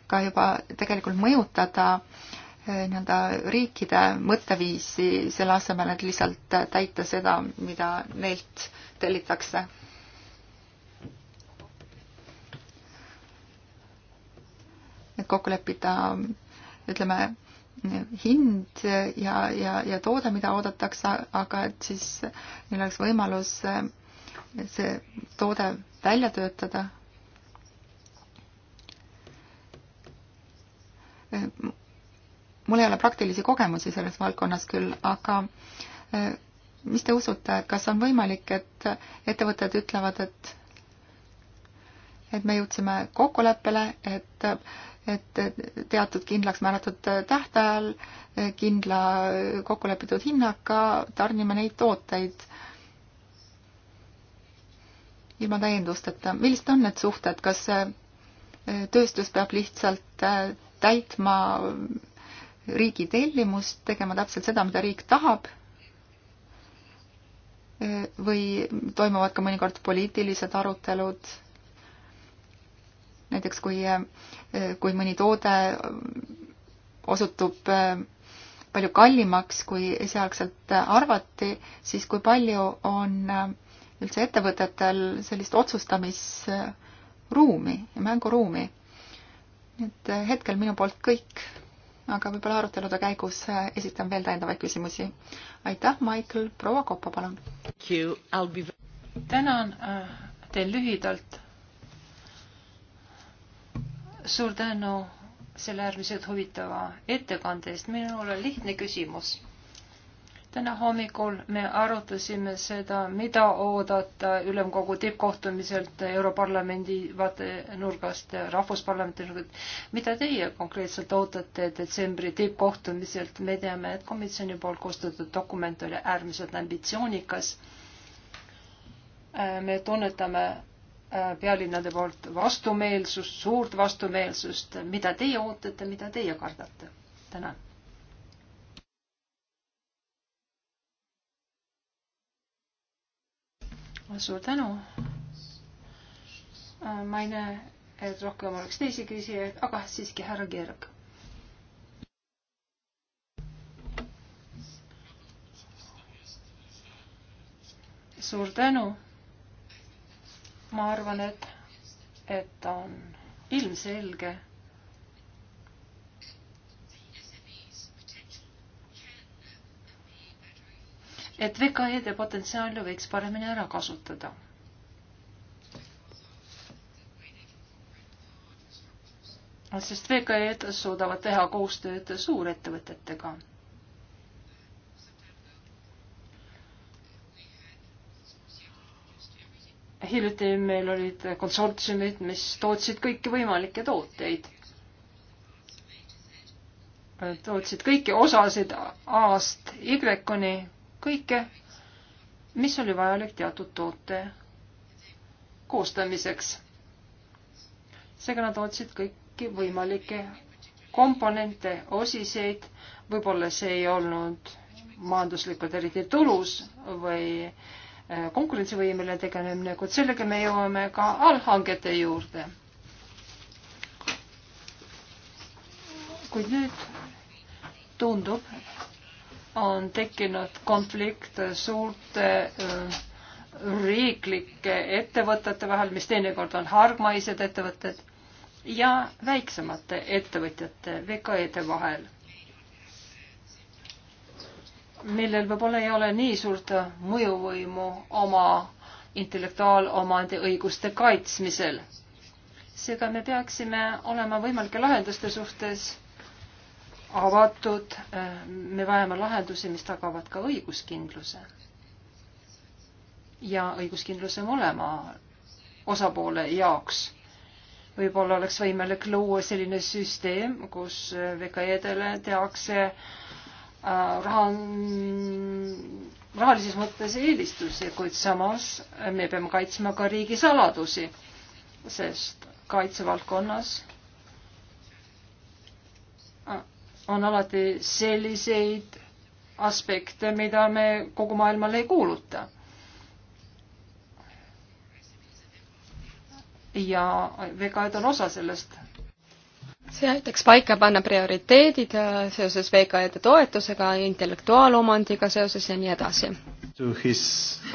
ka juba tegelikult mõjutada eh, nii-öelda riikide mõtteviisi selle asemel, et lihtsalt täita seda, mida neilt tellitakse? kokku leppida ütleme, hind ja, ja, ja toode, mida oodatakse, aga et siis neil oleks võimalus see toode välja töötada. mul ei ole praktilisi kogemusi selles valdkonnas küll, aga eh, mis te usute, kas on võimalik, et ettevõtted ütlevad, et et me jõudsime kokkuleppele, et, et teatud kindlaks määratud tähtajal eh, kindla kokkulepitud hinnaga tarnime neid tooteid ilma täiendusteta. millised on need suhted, kas eh, tööstus peab lihtsalt eh, täitma riigi tellimust, tegema täpselt seda, mida riik tahab või toimuvad ka mõnikord poliitilised arutelud näiteks kui, eh, kui mõni toode eh, osutub eh, palju kallimaks, kui esialgselt arvati, siis kui palju on üldse ettevõtetel sellist otsustamisruumi ja mänguruumi. et hetkel minu poolt kõik, aga võib-olla arutelude käigus esitan veel täiendavaid küsimusi. aitäh, Michael, proua Koppa, palun. tänan, teen lühidalt suur tänu selle äärmiselt huvitava ettekande eest. minul on lihtne küsimus. täna hommikul me arutasime seda, mida oodata ülemkogu tippkohtumiselt Europarlamendi vaatenurgast, Rahvusparlamendi nurgast. mida teie konkreetselt ootate detsembri tippkohtumiselt? me teame, et komisjoni poolt koostatud dokument oli äärmiselt ambitsioonikas. Äh, me tunnetame Äh, pealinnade poolt vastumeelsust, suurt vastumeelsust, mida teie ootate, mida teie kardate? tänan. suur tänu. Äh, ma ei näe, et rohkem oleks teisi küsijaid, aga siiski härra Kerg. suur tänu ma arvan, et, et on ilmselge, et VKE-de potentsiaali võiks paremini ära kasutada. sest VKE-d suudavad teha koostööd suurettevõtetega hiljuti meil olid konsortsiumid, mis tootsid kõiki võimalikke tooteid. tootsid kõiki osasid A-st Y-ni, kõike, mis oli vajalik teatud toote koostamiseks. seega nad tootsid kõiki võimalikke komponente, osiseid, võib-olla see ei olnud majanduslikult eriti tulus või äh, Äh, konkurentsivõimeline tegelemine, kuid sellega me jõuame ka allhangete juurde. kuid nüüd tundub, on tekkinud konflikt suurte äh, riiklike ettevõtete vahel, mis teinekord on hargmaised ettevõtted ja väiksemate ettevõtjate VKE-de vahel millel võib-olla ei ole nii suurt mõjuvõimu oma intellektuaalomandi õiguste kaitsmisel. seega me peaksime olema võimalike lahenduste suhtes avatud, me vajame lahendusi, mis tagavad ka õiguskindluse. ja õiguskindluse mõlema osapoole jaoks võib-olla oleks võimalik luua selline süsteem, kus VKE-dele tehakse Äh, raha on rahalises mõttes eelistusi, kuid samas me peame kaitsma ka riigisaladusi, sest kaitsevaldkonnas äh, on alati selliseid aspekte, mida me kogu maailmale ei kuuluta. ja vegaid on osa sellest see aitaks paika panna prioriteedid äh, seoses VKE-de toetusega, intellektuaalomandiga seoses ja nii edasi.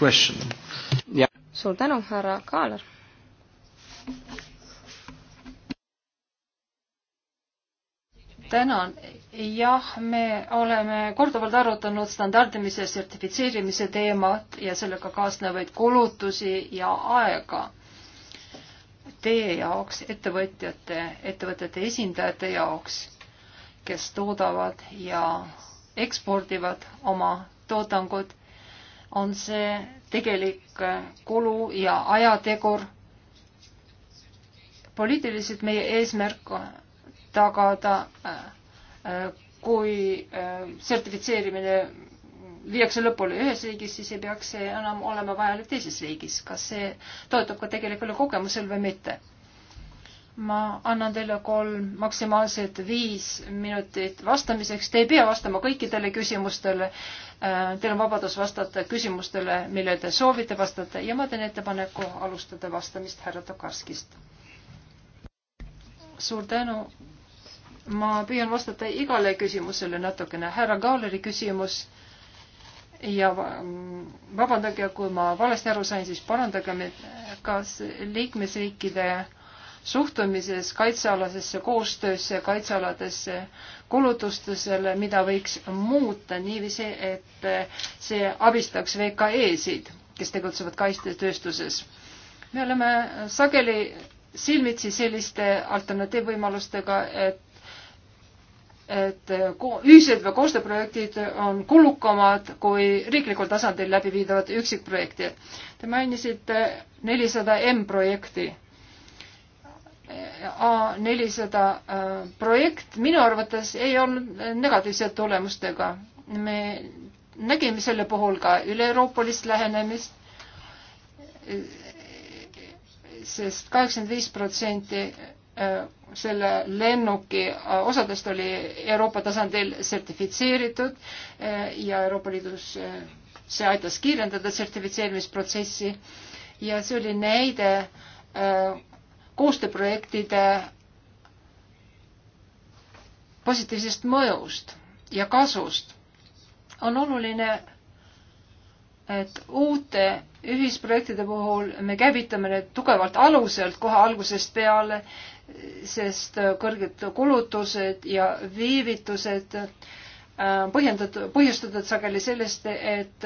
Yeah. suur tänu, härra Kaaler. tänan. jah, me oleme korduvalt arutanud standardimise sertifitseerimise teemat ja sellega kaasnevaid kulutusi ja aega teie jaoks, ettevõtjate, ettevõtete esindajate jaoks, kes toodavad ja ekspordivad oma toodangut, on see tegelik kulu ja ajategur. poliitiliselt meie eesmärk tagada, äh, äh, kui äh, sertifitseerimine viiakse lõpule ühes riigis, siis ei peaks see enam olema vajalik teises riigis. kas see toetub ka tegelikule kogemusele või mitte? ma annan teile kolm, maksimaalselt viis minutit vastamiseks. Te ei pea vastama kõikidele küsimustele. Äh, teil on vabadus vastata küsimustele, millele te soovite vastata ja ma teen ettepaneku alustada vastamist härra Tokarskist. suur tänu ma püüan vastata igale küsimusele natukene. härra Kaaleri küsimus ja vabandage, kui ma valesti aru sain, siis parandage mind, kas liikmesriikide suhtumises kaitsealasesse koostöösse, kaitsealadesse kulutustele, mida võiks muuta niiviisi, et see abistaks VKE-sid, kes tegutsevad kaitsetööstuses. me oleme sageli silmitsi selliste alternatiivvõimalustega, et et ühised või koostööprojektid on kulukamad kui riiklikul tasandil läbi viidavad üksikprojektid. Te mainisite nelisada M projekti. A400 äh, projekt minu arvates ei olnud negatiivsete tulemustega. me nägime selle puhul ka üle-euroopalist lähenemist, sest kaheksakümmend viis protsenti Äh, selle lennuki äh, osadest oli Euroopa tasandil sertifitseeritud äh, ja Euroopa Liidus see aitas kiirendada sertifitseerimisprotsessi ja see oli näide koostööprojektide positiivsest mõjust ja kasust. on oluline, et uute ühisprojektide puhul me käivitame need tugevalt aluselt kohe algusest peale sest äh, kõrged kulutused ja viivitused äh, põhjendatud, põhjustatud sageli sellest, et,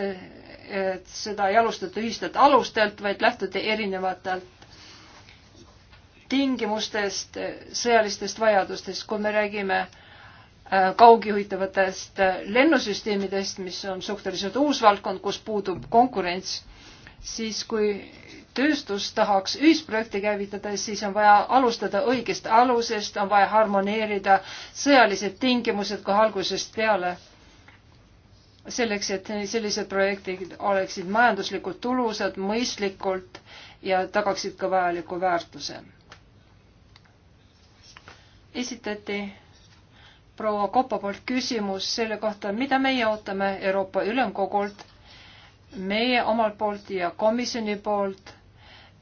et seda ei alustata ühistelt alustelt, vaid lähtuti erinevatelt tingimustest, sõjalistest vajadustest, kui me räägime äh, kaugjuhitavatest lennusüsteemidest, mis on suhteliselt uus valdkond, kus puudub konkurents siis kui tööstus tahaks ühisprojekti käivitada, siis on vaja alustada õigest alusest, on vaja harmoneerida sõjalised tingimused kohe algusest peale. selleks, et sellised projektid oleksid majanduslikult tulusad, mõistlikult ja tagaksid ka vajaliku väärtuse. esitati proua Kopa poolt küsimus selle kohta, mida meie ootame Euroopa Ülemkogult meie omalt poolt ja komisjoni poolt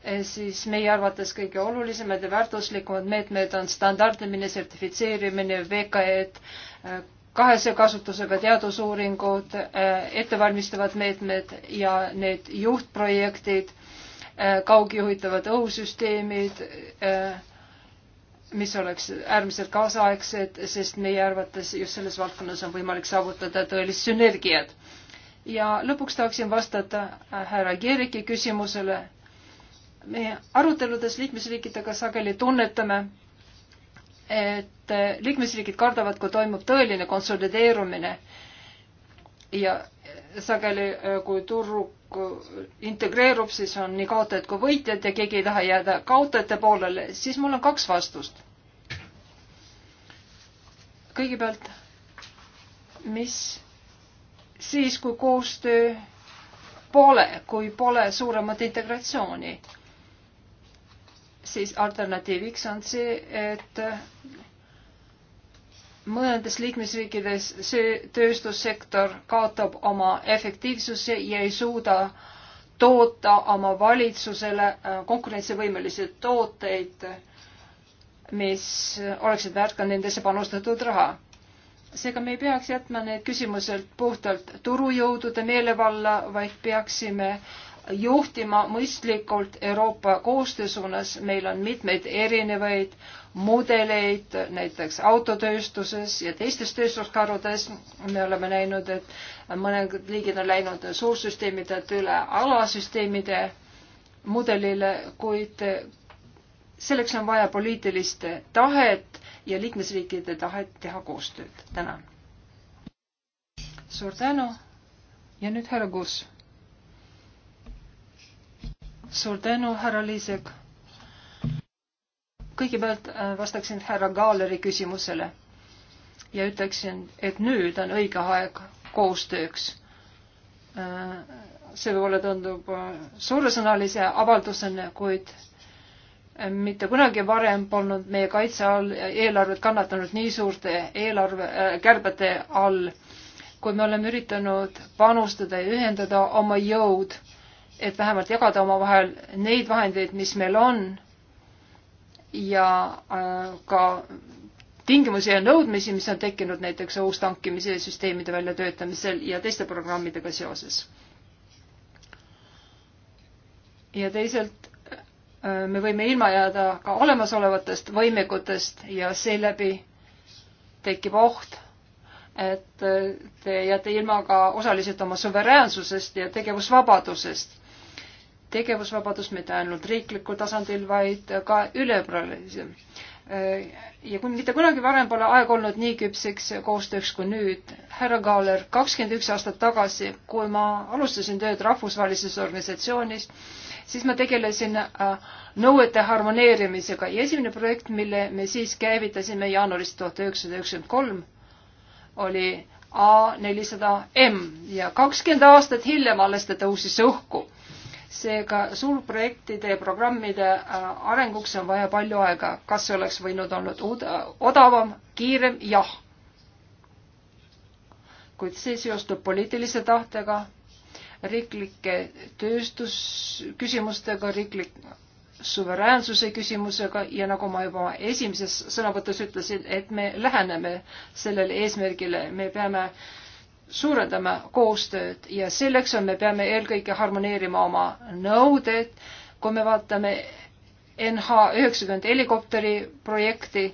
eh, siis meie arvates kõige olulisemad ja väärtuslikumad meetmed on standardimine, sertifitseerimine, VKE-d, eh, kahese kasutusega teadusuuringud, eh, ettevalmistavad meetmed ja need juhtprojektid, kaugjuhitavad õhusüsteemid, mis oleks äärmiselt kaasaegsed, sest meie arvates just selles valdkonnas on võimalik saavutada tõelist sünergiat ja lõpuks tahaksin vastata äh, härra Geriki küsimusele. meie aruteludes liikmesriikidega sageli tunnetame, et äh, liikmesriigid kardavad, kui toimub tõeline konsolideerumine ja äh, sageli, kui turg integreerub, siis on nii kaotajad kui võitjad ja keegi ei taha jääda kaotajate poolele, siis mul on kaks vastust. kõigepealt, mis siis, kui koostöö pole, kui pole suuremat integratsiooni, siis alternatiiviks on see, et mõnedes liikmesriikides see tööstussektor kaotab oma efektiivsuse ja ei suuda toota oma valitsusele äh, konkurentsivõimelisi tooteid, mis oleksid väärt ka nendesse panustatud raha seega me ei peaks jätma need küsimused puhtalt turujõudude meelevalla, vaid peaksime juhtima mõistlikult Euroopa koostöö suunas. meil on mitmeid erinevaid mudeleid, näiteks autotööstuses ja teistes tööstusharudes. me oleme näinud, et mõned liigid on läinud suursüsteemidelt üle alasüsteemide mudelile, kuid selleks on vaja poliitilist tahet ja liikmesriikide tahet teha koostööd. tänan. suur tänu ja nüüd härra Kuus. suur tänu, härra Liisek. kõigepealt äh, vastaksin härra Kaaleri küsimusele ja ütleksin, et nüüd on õige aeg koostööks äh, see võib-olla tundub äh, suuresõnalise avaldusena, kuid mitte kunagi varem polnud meie kaitse all eelarved kannatanud nii suurte eelarve äh, kärbete all, kui me oleme üritanud panustada ja ühendada oma jõud, et vähemalt jagada omavahel neid vahendeid, mis meil on ja äh, ka tingimusi ja nõudmisi, mis on tekkinud näiteks uustankimise süsteemide väljatöötamisel ja teiste programmidega seoses. ja teisalt Äh, me võime ilma jääda ka olemasolevatest võimekutest ja seeläbi tekib oht, et äh, te jääte ilma ka osaliselt oma suveräänsusest ja tegevusvabadusest. tegevusvabadus mitte ainult riiklikul tasandil, vaid ka ülepraalalisem. Äh, ja kui mitte kunagi varem pole aeg olnud nii küpseks koostööks kui nüüd. härra Kaaler, kakskümmend üks aastat tagasi, kui ma alustasin tööd rahvusvahelises organisatsioonis, siis ma tegelesin äh, nõuete harmoneerimisega ja esimene projekt, mille me siis käivitasime jaanuaris tuhat üheksasada üheksakümmend kolm, oli A400M ja kakskümmend aastat hiljem alles ta tõusis õhku. seega suurprojektide ja programmide äh, arenguks on vaja palju aega. kas see oleks võinud olnud odavam, kiirem? jah. kuid see seostub poliitilise tahtega riiklike tööstusküsimustega, riiklik suveräänsuse küsimusega ja nagu ma juba esimeses sõnavõtus ütlesin, et me läheneme sellele eesmärgile, me peame suurendama koostööd ja selleks on, me peame eelkõige harmoneerima oma nõuded, kui me vaatame NH üheksakümmend helikopteri projekti,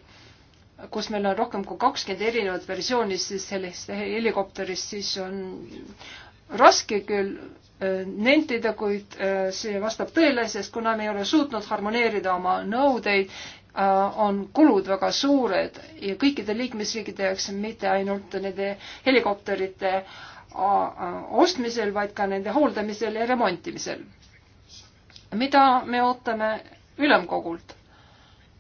kus meil on rohkem kui kakskümmend erinevat versiooni siis sellest helikopterist, siis on raske küll äh, nentida, kuid äh, see vastab tõele, sest kuna me ei ole suutnud harmoneerida oma nõudeid, äh, on kulud väga suured ja kõikide liikmesriikide jaoks mitte ainult nende helikopterite ostmisel, vaid ka nende hooldamisel ja remontimisel. mida me ootame ülemkogult?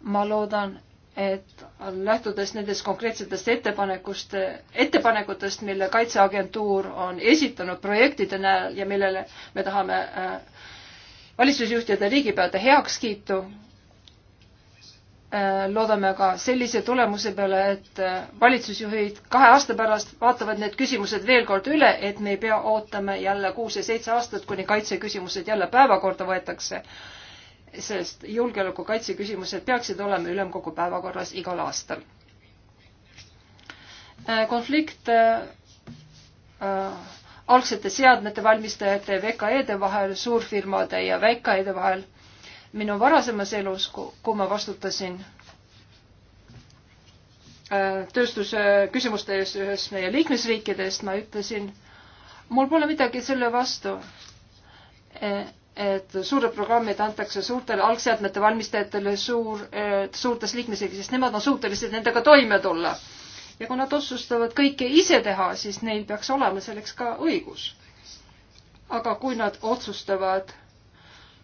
ma loodan, et lähtudes nendest konkreetsetest ettepanekust, ettepanekutest, mille Kaitseagentuur on esitanud projektide näol ja millele me tahame äh, valitsusjuhtide riigipeade heakskiitu, äh, loodame ka sellise tulemuse peale, et äh, valitsusjuhid kahe aasta pärast vaatavad need küsimused veel kord üle, et me ei pea ootama jälle kuus ja seitse aastat, kuni kaitseküsimused jälle päevakorda võetakse sest julgeoleku kaitse küsimused peaksid olema ülemkogu päevakorras igal aastal. Äh, konflikt äh, äh, algsete seadmete valmistajate ja VKE-de vahel, suurfirmade ja VKE-de vahel. minu varasemas elus, kui ma vastutasin tööstuse küsimuste eest ühes meie liikmesriikidest, ma ütlesin, mul pole midagi selle vastu et suured programmid antakse suurtele algseadmete valmistajatele suur, suurtes liikmesriigis, sest nemad on suutelised nendega toime tulla. ja kui nad otsustavad kõike ise teha, siis neil peaks olema selleks ka õigus. aga kui nad otsustavad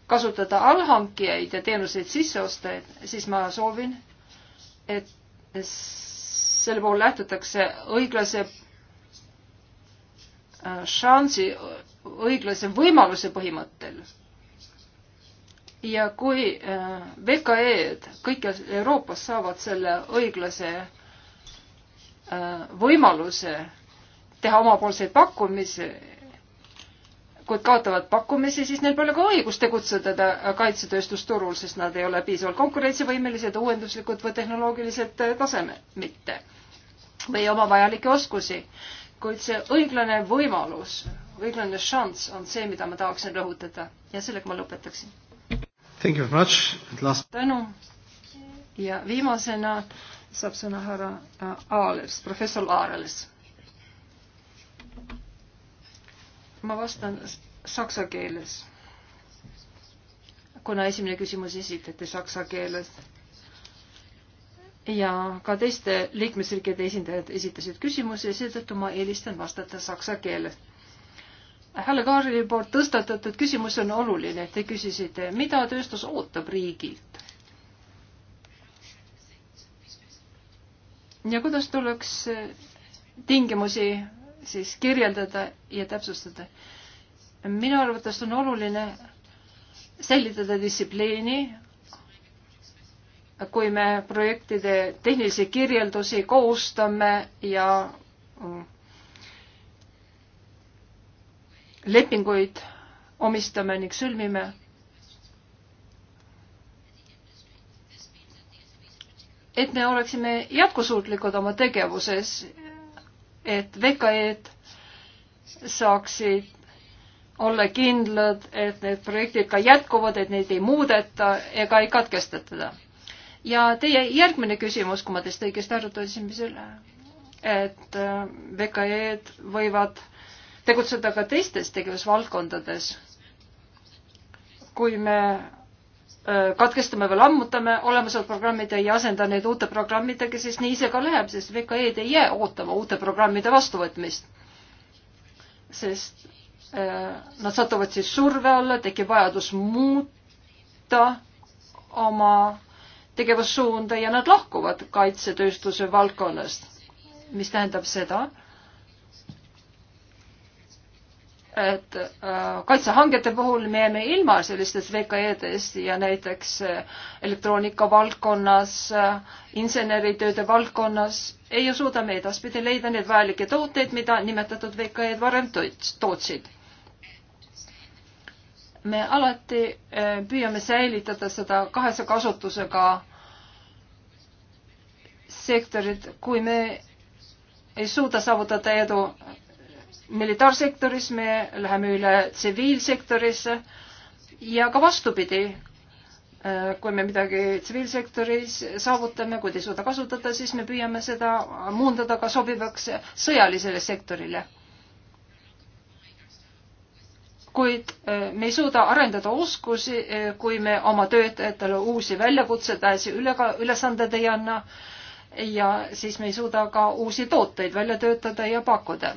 kasutada allhankijaid ja teenuseid sisseostajaid, siis ma soovin, et selle puhul lähtutakse õiglase äh, šansi, õiglase võimaluse põhimõttel ja kui äh, VKE-d kõikjal Euroopas saavad selle õiglase äh, võimaluse teha omapoolseid pakkumisi, kuid kaotavad pakkumisi, siis neil pole ka õigust tegutseda kaitsetööstusturul, sest nad ei ole piisavalt konkurentsivõimelised, uuenduslikud või tehnoloogilised äh, tasemed mitte või oma vajalikke oskusi. kuid see õiglane võimalus, õiglane šanss on see, mida ma tahaksin rõhutada ja sellega ma lõpetaksin Thank you very much. And last... tänu. ja viimasena saab sõna härra äh, Aales, professor Aales. ma vastan saksa keeles, kuna esimene küsimus esitati saksa keeles ja ka teiste liikmesriikide esindajad esitasid küsimusi, seetõttu ma eelistan vastata saksa keeles härra Kaarli poolt tõstatatud küsimus on oluline. Te küsisite, mida tööstus ootab riigilt? ja kuidas tuleks tingimusi siis kirjeldada ja täpsustada? minu arvates on oluline säilitada distsipliini, kui me projektide tehnilisi kirjeldusi koostame ja mm, lepinguid omistame ning sõlmime. et me oleksime jätkusuutlikud oma tegevuses, et VKE-d saaksid olla kindlad, et need projektid ka jätkuvad, et neid ei muudeta ega ei katkestata. ja teie järgmine küsimus, kui ma teist õigesti aru tõlsin, mis üle, et äh, VKE-d võivad tegutseda ka teistes tegevusvaldkondades. kui me äh, katkestame või lammutame olemasolevad programmid ja ei asenda neid uute programmidega, siis nii see ka läheb, sest VKE-d ei jää ootama uute programmide vastuvõtmist. sest äh, nad satuvad siis surve alla, tekib vajadus muuta oma tegevussuunda ja nad lahkuvad kaitsetööstuse valdkonnast, mis tähendab seda, et äh, kaitsehangete puhul me jääme ilma sellistest VKE-dest ja näiteks äh, elektroonika valdkonnas, äh, inseneritööde valdkonnas ei suuda me edaspidi leida neid vajalikke tooteid, mida nimetatud VKE-d varem tootsid. me alati püüame säilitada seda kahese kasutusega sektorit, kui me ei suuda saavutada edu militaarsektoris, me läheme üle tsiviilsektorisse ja ka vastupidi, äh, kui me midagi tsiviilsektoris saavutame, kuid ei suuda kasutada, siis me püüame seda muundada ka sobivaks sõjalisele sektorile. kuid äh, me ei suuda arendada oskusi, äh, kui me oma töötajatele uusi väljakutseid, üle, ülesandeid ei anna ja siis me ei suuda ka uusi tooteid välja töötada ja pakkuda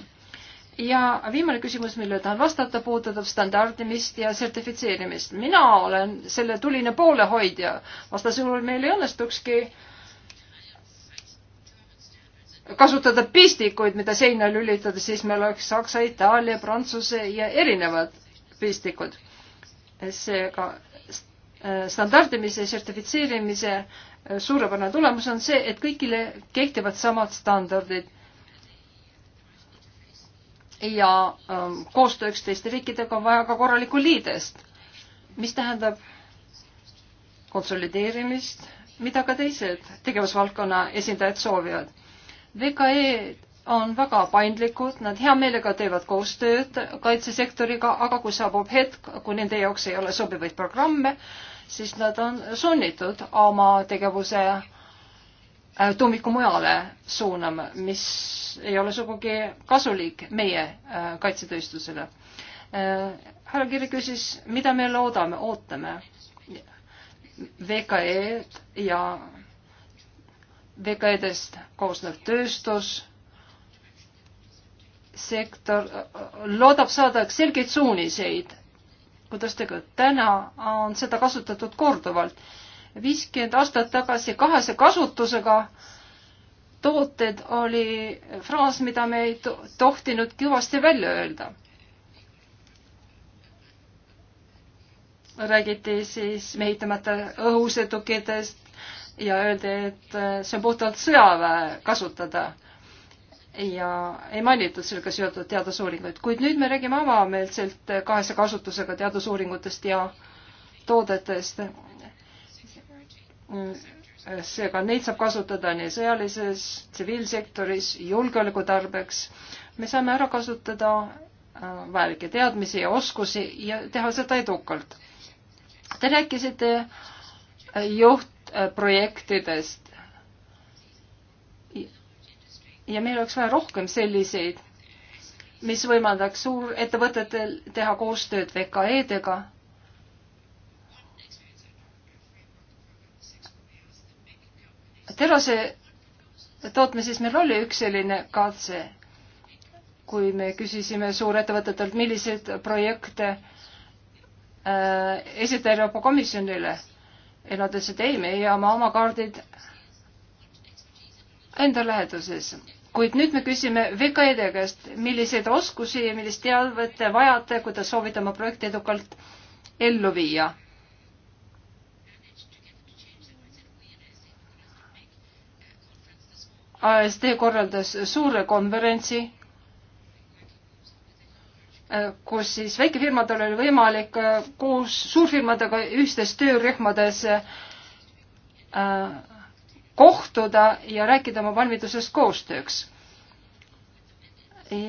ja viimane küsimus, millele tahan vastata, puudutab standardimist ja sertifitseerimist. mina olen selle tuline poolehoidja, vastasel juhul meil ei õnnestukski kasutada pistikuid, mida seina lülitada, siis meil oleks saksa, itaalia, prantsuse ja erinevad pistikud. seega standardimise sertifitseerimise suurepärane tulemus on see, et kõigile kehtivad samad standardid ja ähm, koostööks teiste riikidega on vaja ka korralikku liidest, mis tähendab konsolideerimist, mida ka teised tegevusvaldkonna esindajad soovivad. VKE on väga paindlikud, nad hea meelega teevad koostööd kaitsesektoriga, aga kui saabub hetk, kui nende jaoks ei ole sobivaid programme, siis nad on sunnitud oma tegevuse Äh, tummiku mujale suunama, mis ei ole sugugi kasulik meie äh, kaitsetööstusele. Äh, härra Kiri küsis, mida me loodame, ootame VKE-d ja VKE-dest koosnev tööstus, sektor loodab saada selgeid suuniseid, kuidas tegelikult täna on seda kasutatud korduvalt viiskümmend aastat tagasi kahese kasutusega tooted oli fraas, mida me ei tohtinud kõvasti välja öelda. räägiti siis mehitamata õhusettukitest ja öeldi, et äh, see on puhtalt sõjaväe kasutada ja ei mainitud sellega seotud teadusuuringuid, kuid nüüd me räägime avameelselt kahese kasutusega teadusuuringutest ja toodetest seega neid saab kasutada nii sõjalises, tsiviilsektoris, julgeoleku tarbeks. me saame ära kasutada äh, vajalikke teadmisi ja oskusi ja teha seda edukalt. Te rääkisite äh, juhtprojektidest. ja meil oleks vaja rohkem selliseid, mis võimaldaks suurettevõtetel teha koostööd VKE-dega terase tootmises meil oli üks selline katse, kui me küsisime suurettevõtetelt, milliseid projekte äh, esitada Euroopa Komisjonile ja nad ütlesid, ei, me jääme oma kaardid enda läheduses. kuid nüüd me küsime VKD käest, milliseid oskusi ja millist teavet te vajate, kui te soovite oma projekti edukalt ellu viia. ASD korraldas suure konverentsi, äh, kus siis väikefirmadel oli võimalik äh, koos suurfirmadega ühistes töörühmades äh, kohtuda ja rääkida oma valmidusest koostööks.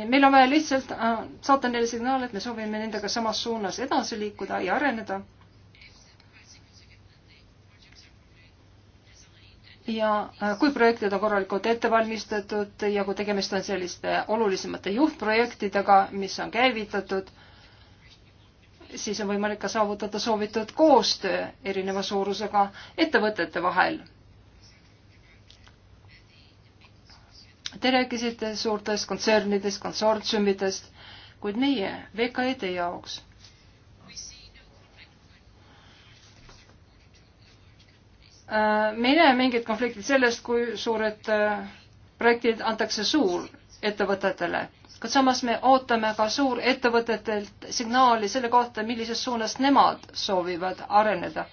meil on vaja lihtsalt saata neile signaale, et me soovime nendega samas suunas edasi liikuda ja areneda ja äh, kui projektid on korralikult ette valmistatud ja kui tegemist on selliste olulisemate juhtprojektidega, mis on käivitatud, siis on võimalik ka saavutada soovitud koostöö erineva suurusega ettevõtete vahel. Te rääkisite suurtest kontsernidest, konsortsiumidest, kuid meie VKE-de jaoks Äh, me ei näe mingit konflikti sellest, kui suured äh, projektid antakse suurettevõtetele, kuid samas me ootame ka suurettevõtetelt signaali selle kohta, millises suunas nemad soovivad areneda.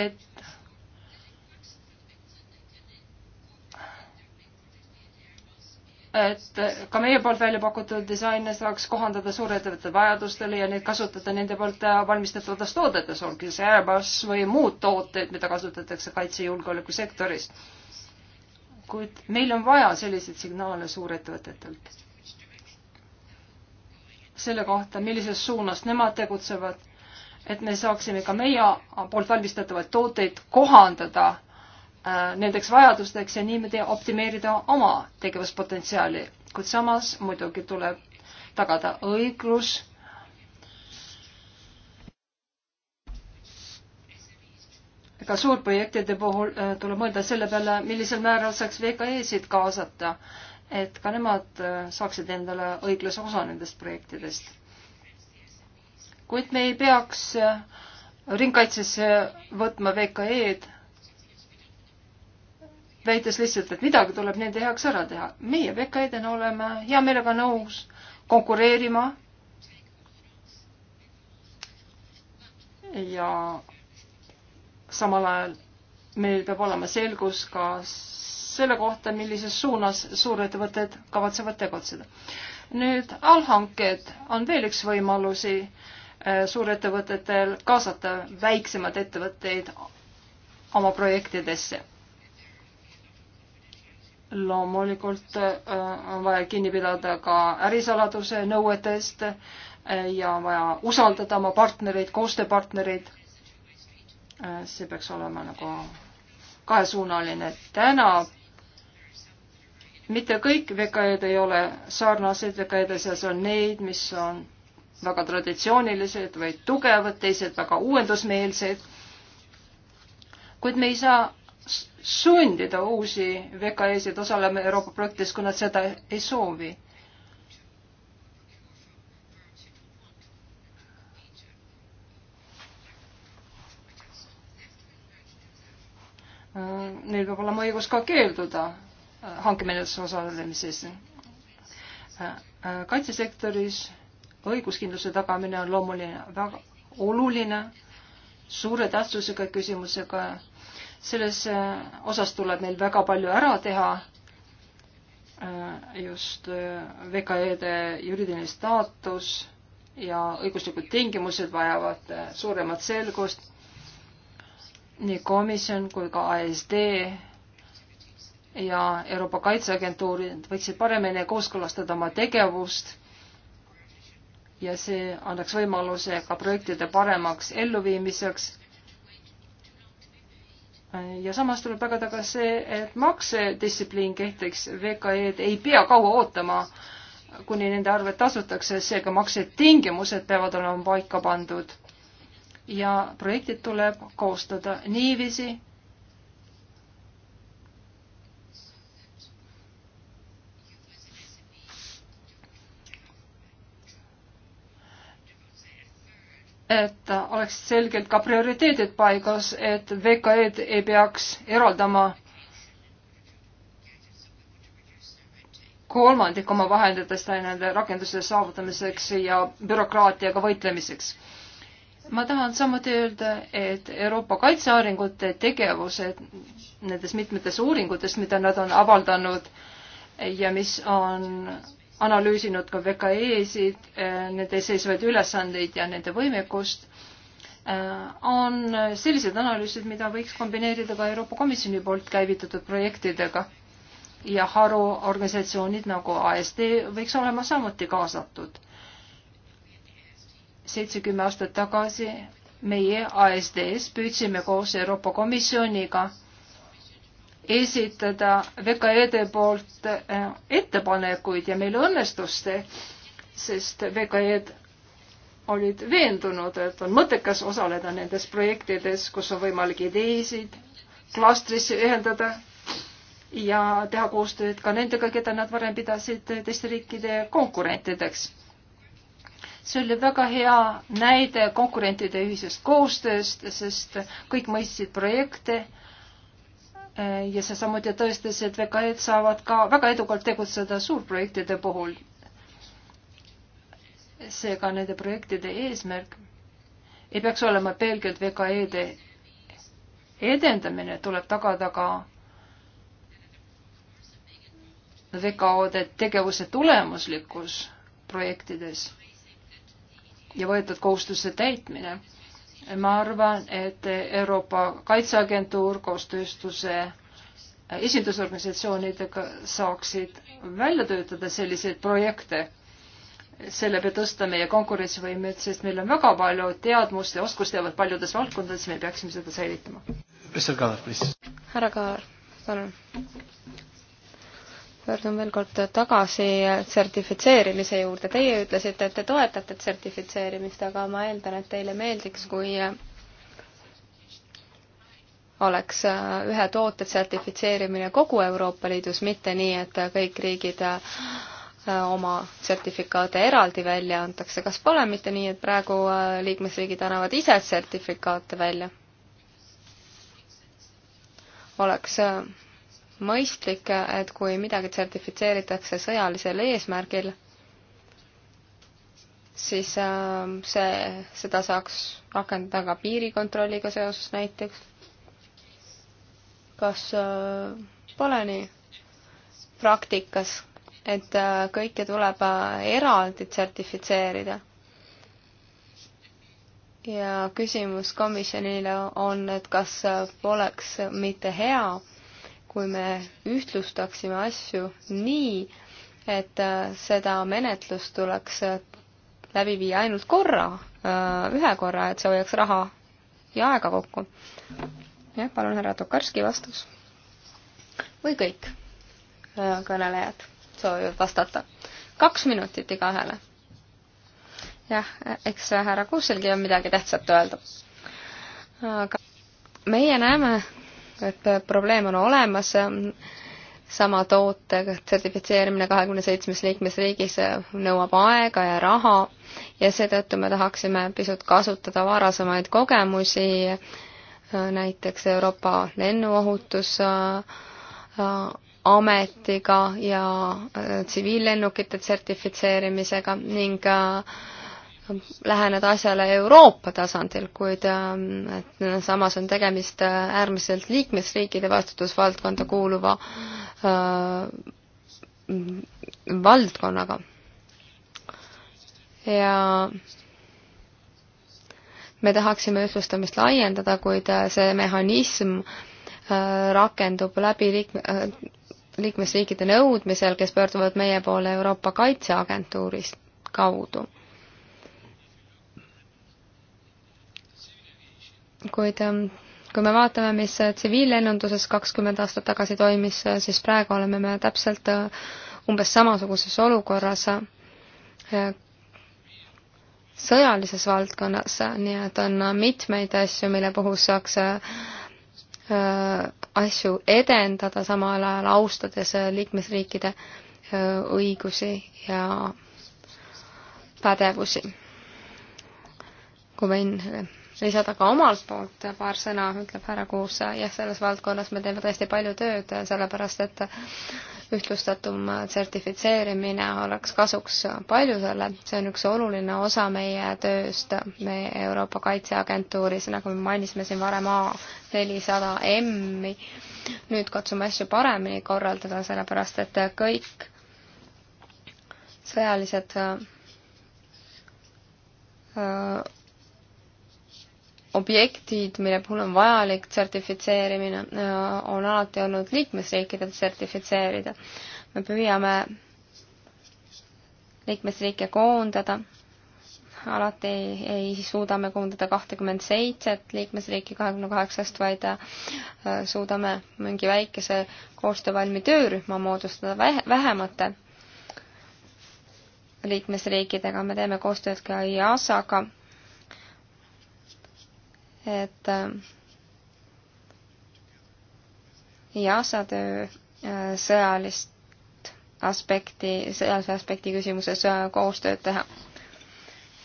et et ka meie poolt välja pakutud disaine saaks kohandada suurettevõtete vajadustele ja neid kasutada nende poolt valmistatavates toodetes, olgu see Airbus või muud tooted, mida kasutatakse kaitsejulgeoleku sektoris. kuid meil on vaja selliseid signaale suurettevõtetelt. selle kohta, millises suunas nemad tegutsevad, et me saaksime ka meie poolt valmistatavaid tooteid kohandada Äh, nendeks vajadusteks ja niimoodi optimeerida oma tegevuspotentsiaali. kuid samas muidugi tuleb tagada õiglus. ka suurprojektide puhul äh, tuleb mõelda selle peale, millisel määral saaks VKE-sid kaasata, et ka nemad äh, saaksid endale õiglase osa nendest projektidest. kuid me ei peaks ringkaitsesse võtma VKE-d väites lihtsalt, et midagi tuleb nende heaks ära teha. meie VKE-dena oleme hea meelega nõus konkureerima ja samal ajal meil peab olema selgus ka selle kohta, millises suunas suurettevõtted kavatsevad tegutseda. nüüd allhanked on veel üks võimalusi eh, suurettevõtetel kaasata väiksemaid ettevõtteid oma projektidesse loomulikult äh, on vaja kinni pidada ka ärisaladuse nõuetest äh, ja on vaja usaldada oma partnereid, koostööpartnereid. Äh, see peaks olema nagu kahesuunaline. täna mitte kõik VKE-d ei ole sarnased, VKE-de seas on neid, mis on väga traditsioonilised või tugevad, teised väga uuendusmeelsed. kuid me ei saa sundida uusi VKE-sid osalema Euroopa projektides, kui nad seda ei soovi. Neil peab olema õigus ka keelduda hankemenetluses osalemises. kaitsesektoris õiguskindluse tagamine on loomuline väga oluline, suure tähtsusega küsimusega selles äh, osas tuleb meil väga palju ära teha, äh, just äh, VKE-de juriidiline staatus ja õiguslikud tingimused vajavad suuremat selgust. nii komisjon kui ka ASD ja Euroopa Kaitseagentuurid võiksid paremini kooskõlastada oma tegevust ja see annaks võimaluse ka projektide paremaks elluviimiseks ja samas tuleb tagada ka see, et maksedistsipliin kehtiks, VKE-d ei pea kaua ootama, kuni nende arved tasutakse, seega maksetingimused peavad olema paika pandud. ja projektid tuleb koostada niiviisi, et oleks selgelt ka prioriteedid paigas, et VKE-d ei peaks eraldama kolmandik oma vahenditest nende rakenduste saavutamiseks ja bürokraatiaga võitlemiseks. ma tahan samuti öelda, et Euroopa kaitsearingute tegevused nendes mitmetes uuringutes, mida nad on avaldanud ja mis on analüüsinud ka VKE-sid, eh, nende seisvaid ülesandeid ja nende võimekust, eh, on sellised analüüsid, mida võiks kombineerida ka Euroopa Komisjoni poolt käivitatud projektidega. ja haruorganisatsioonid nagu ASD võiks olema samuti kaasatud. seitsekümmend aastat tagasi meie ASD-s püüdsime koos Euroopa Komisjoniga esitada VKE-de poolt eh, ettepanekuid ja meil õnnestus see, sest VKE-d olid veendunud, et on mõttekas osaleda nendes projektides, kus on võimalik ideesid klastrisse ühendada ja teha koostööd ka nendega, keda nad varem pidasid teiste riikide konkurentideks. see oli väga hea näide konkurentide ühisest koostööst, sest kõik mõistsid projekte Äh, ja see samuti tõestas, et VKE-d saavad ka väga edukalt tegutseda suurprojektide puhul. seega nende projektide eesmärk ei peaks olema pelgalt VKE-de edendamine, tuleb tagada ka VKO-de tegevuse tulemuslikkus projektides ja võetud kohustuse täitmine ma arvan, et Euroopa Kaitseagentuur koos tööstuse äh, esindusorganisatsioonidega saaksid välja töötada selliseid projekte, sellega tõsta meie konkurentsivõimet, sest meil on väga palju teadmust ja oskusteavet paljudes valdkondades, me peaksime seda säilitama. härra Kaar, palun pöördun veel kord tagasi sertifitseerimise juurde. Teie ütlesite, et te toetate sertifitseerimist, aga ma eeldan, et teile meeldiks, kui oleks ühe toote sertifitseerimine kogu Euroopa Liidus, mitte nii, et kõik riigid oma sertifikaate eraldi välja antakse. kas pole mitte nii, et praegu liikmesriigid annavad ise sertifikaate välja? oleks mõistlik, et kui midagi sertifitseeritakse sõjalisel eesmärgil, siis ähm, see, seda saaks rakendada ka piirikontrolliga seoses näiteks. kas äh, pole nii praktikas, et äh, kõike tuleb äh, eraldi sertifitseerida? ja küsimus komisjonile on, et kas poleks mitte hea kui me ühtlustaksime asju nii, et äh, seda menetlust tuleks äh, läbi viia ainult korra, äh, ühe korra, et see hoiaks raha ja aega kokku. jah, palun, härra Tokarski, vastus. või kõik kõnelejad soovivad vastata. kaks minutit igaühele. jah, eks härra Kuusselgi on midagi tähtsat öelda. aga meie näeme et äh, probleem on olemas, äh, sama toote sertifitseerimine kahekümne seitsmes liikmesriigis äh, nõuab aega ja raha ja seetõttu me tahaksime pisut kasutada varasemaid kogemusi, näiteks Euroopa Lennuohutusametiga ja tsiviillennukite sertifitseerimisega ning äh, läheneda asjale Euroopa tasandil, kuid ähm, et äh, samas on tegemist äh, äärmiselt liikmesriikide vastutusvaldkonda kuuluva äh, valdkonnaga. ja me tahaksime ühtlustamist laiendada, kuid äh, see mehhanism äh, rakendub läbi liikme äh,, liikmesriikide nõudmisel, kes pöörduvad meie poole Euroopa Kaitseagentuuri kaudu kuid ähm, kui me vaatame, mis tsiviillennunduses kakskümmend aastat tagasi toimis, äh, siis praegu oleme me täpselt äh, umbes samasuguses olukorras äh, sõjalises valdkonnas, nii et on mitmeid asju, mille puhul saaks asju edendada, samal ajal austades liikmesriikide õigusi ja pädevusi. kui võin lisada ka omalt poolt paar sõna, ütleb härra Kuus. jah, selles valdkonnas me teeme tõesti palju tööd, sellepärast et ühtlustatum sertifitseerimine oleks kasuks paljudele. see on üks oluline osa meie tööst, meie Euroopa Kaitseagentuuris, nagu me mainisime siin varem A400M-i. nüüd katsume asju paremini korraldada, sellepärast et kõik sõjalised äh, objektid, mille puhul on vajalik sertifitseerimine, äh, on alati olnud liikmesriikidel sertifitseerida. me püüame liikmesriike koondada, alati ei, ei suuda me koondada kahtekümmet seitset liikmesriiki kahekümne kaheksast, vaid äh, suudame mingi väikese koostöövalmi töörühma moodustada vähemate liikmesriikidega, me teeme koostööd ka EASA-ga et EASA äh, töö äh, sõjalist aspekti, sõjalise aspekti küsimuses äh, koostööd teha.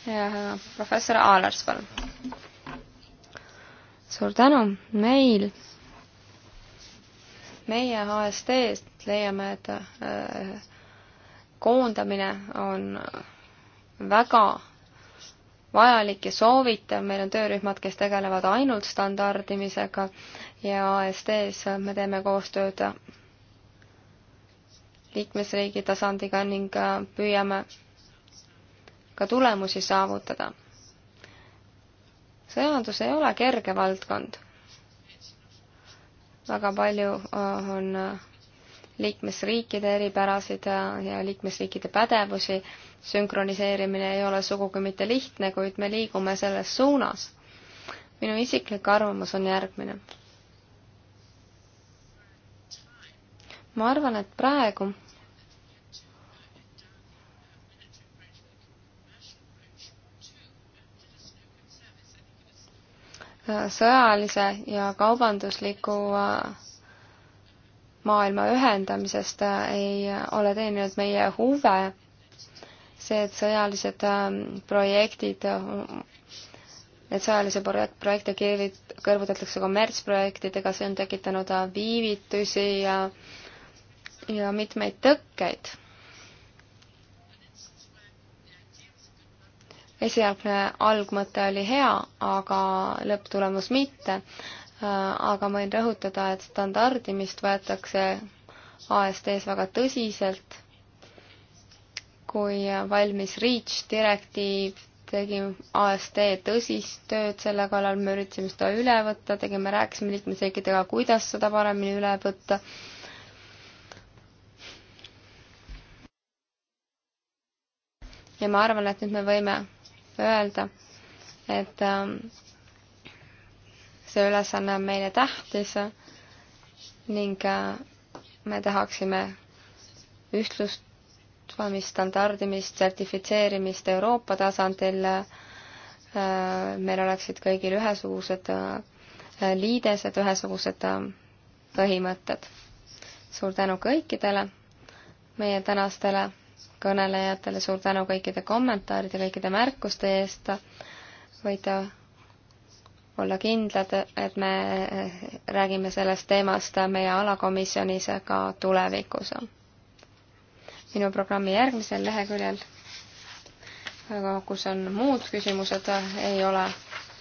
ja professor Aalars, palun. suur tänu, meil, meie HST-st leiame, et koondamine on väga vajalik ja soovitav, meil on töörühmad, kes tegelevad ainult standardimisega ja ASD-s me teeme koostööd liikmesriigi tasandiga ning äh, püüame ka tulemusi saavutada. sõjandus ei ole kerge valdkond. väga palju äh, on äh, liikmesriikide eripärasid ja liikmesriikide pädevusi. sünkroniseerimine ei ole sugugi mitte lihtne, kuid me liigume selles suunas. minu isiklik arvamus on järgmine. ma arvan, et praegu sõjalise ja kaubandusliku äh, maailma ühendamisest äh, ei ole teeninud meie huve. see, et sõjalised ähm, projektid, need äh, sõjalise projekt, projekte kõrvutatakse kommertsprojektidega, see on tekitanud äh, viivitusi ja, ja mitmeid tõkkeid. esialgne algmõte oli hea, aga lõpptulemus mitte Äh, aga ma võin rõhutada, et standardimist võetakse ASD-s väga tõsiselt, kui valmis REACH direktiiv, tegime ASD tõsist tööd selle kallal, me üritasime seda üle võtta, tegime, rääkisime liikmesriikidega, kuidas seda paremini üle võtta ja ma arvan, et nüüd me võime öelda, et ähm, see ülesanne on meile tähtis ning äh, me tahaksime ühtlustamist, standardimist, sertifitseerimist Euroopa tasandil, äh, meil oleksid kõigil ühesugused äh, liidesed, ühesugused põhimõtted. suur tänu kõikidele meie tänastele kõnelejatele, suur tänu kõikide kommentaaride, kõikide märkuste eest, võite olla kindlad, et me eh, räägime sellest teemast meie alakomisjonis ka tulevikus. minu programmi järgmisel leheküljel, kus on muud küsimused, ei ole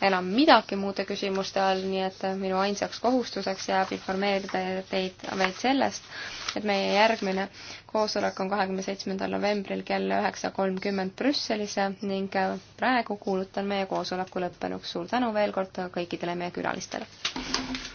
enam midagi muude küsimuste all, nii et äh, minu ainsaks kohustuseks jääb informeerida teid veel sellest, et meie järgmine koosolek on kahekümne seitsmendal novembril kell üheksa kolmkümmend Brüsselis ning äh, praegu kuulutan meie koosoleku lõppenuks. suur tänu veel kord kõikidele meie külalistele!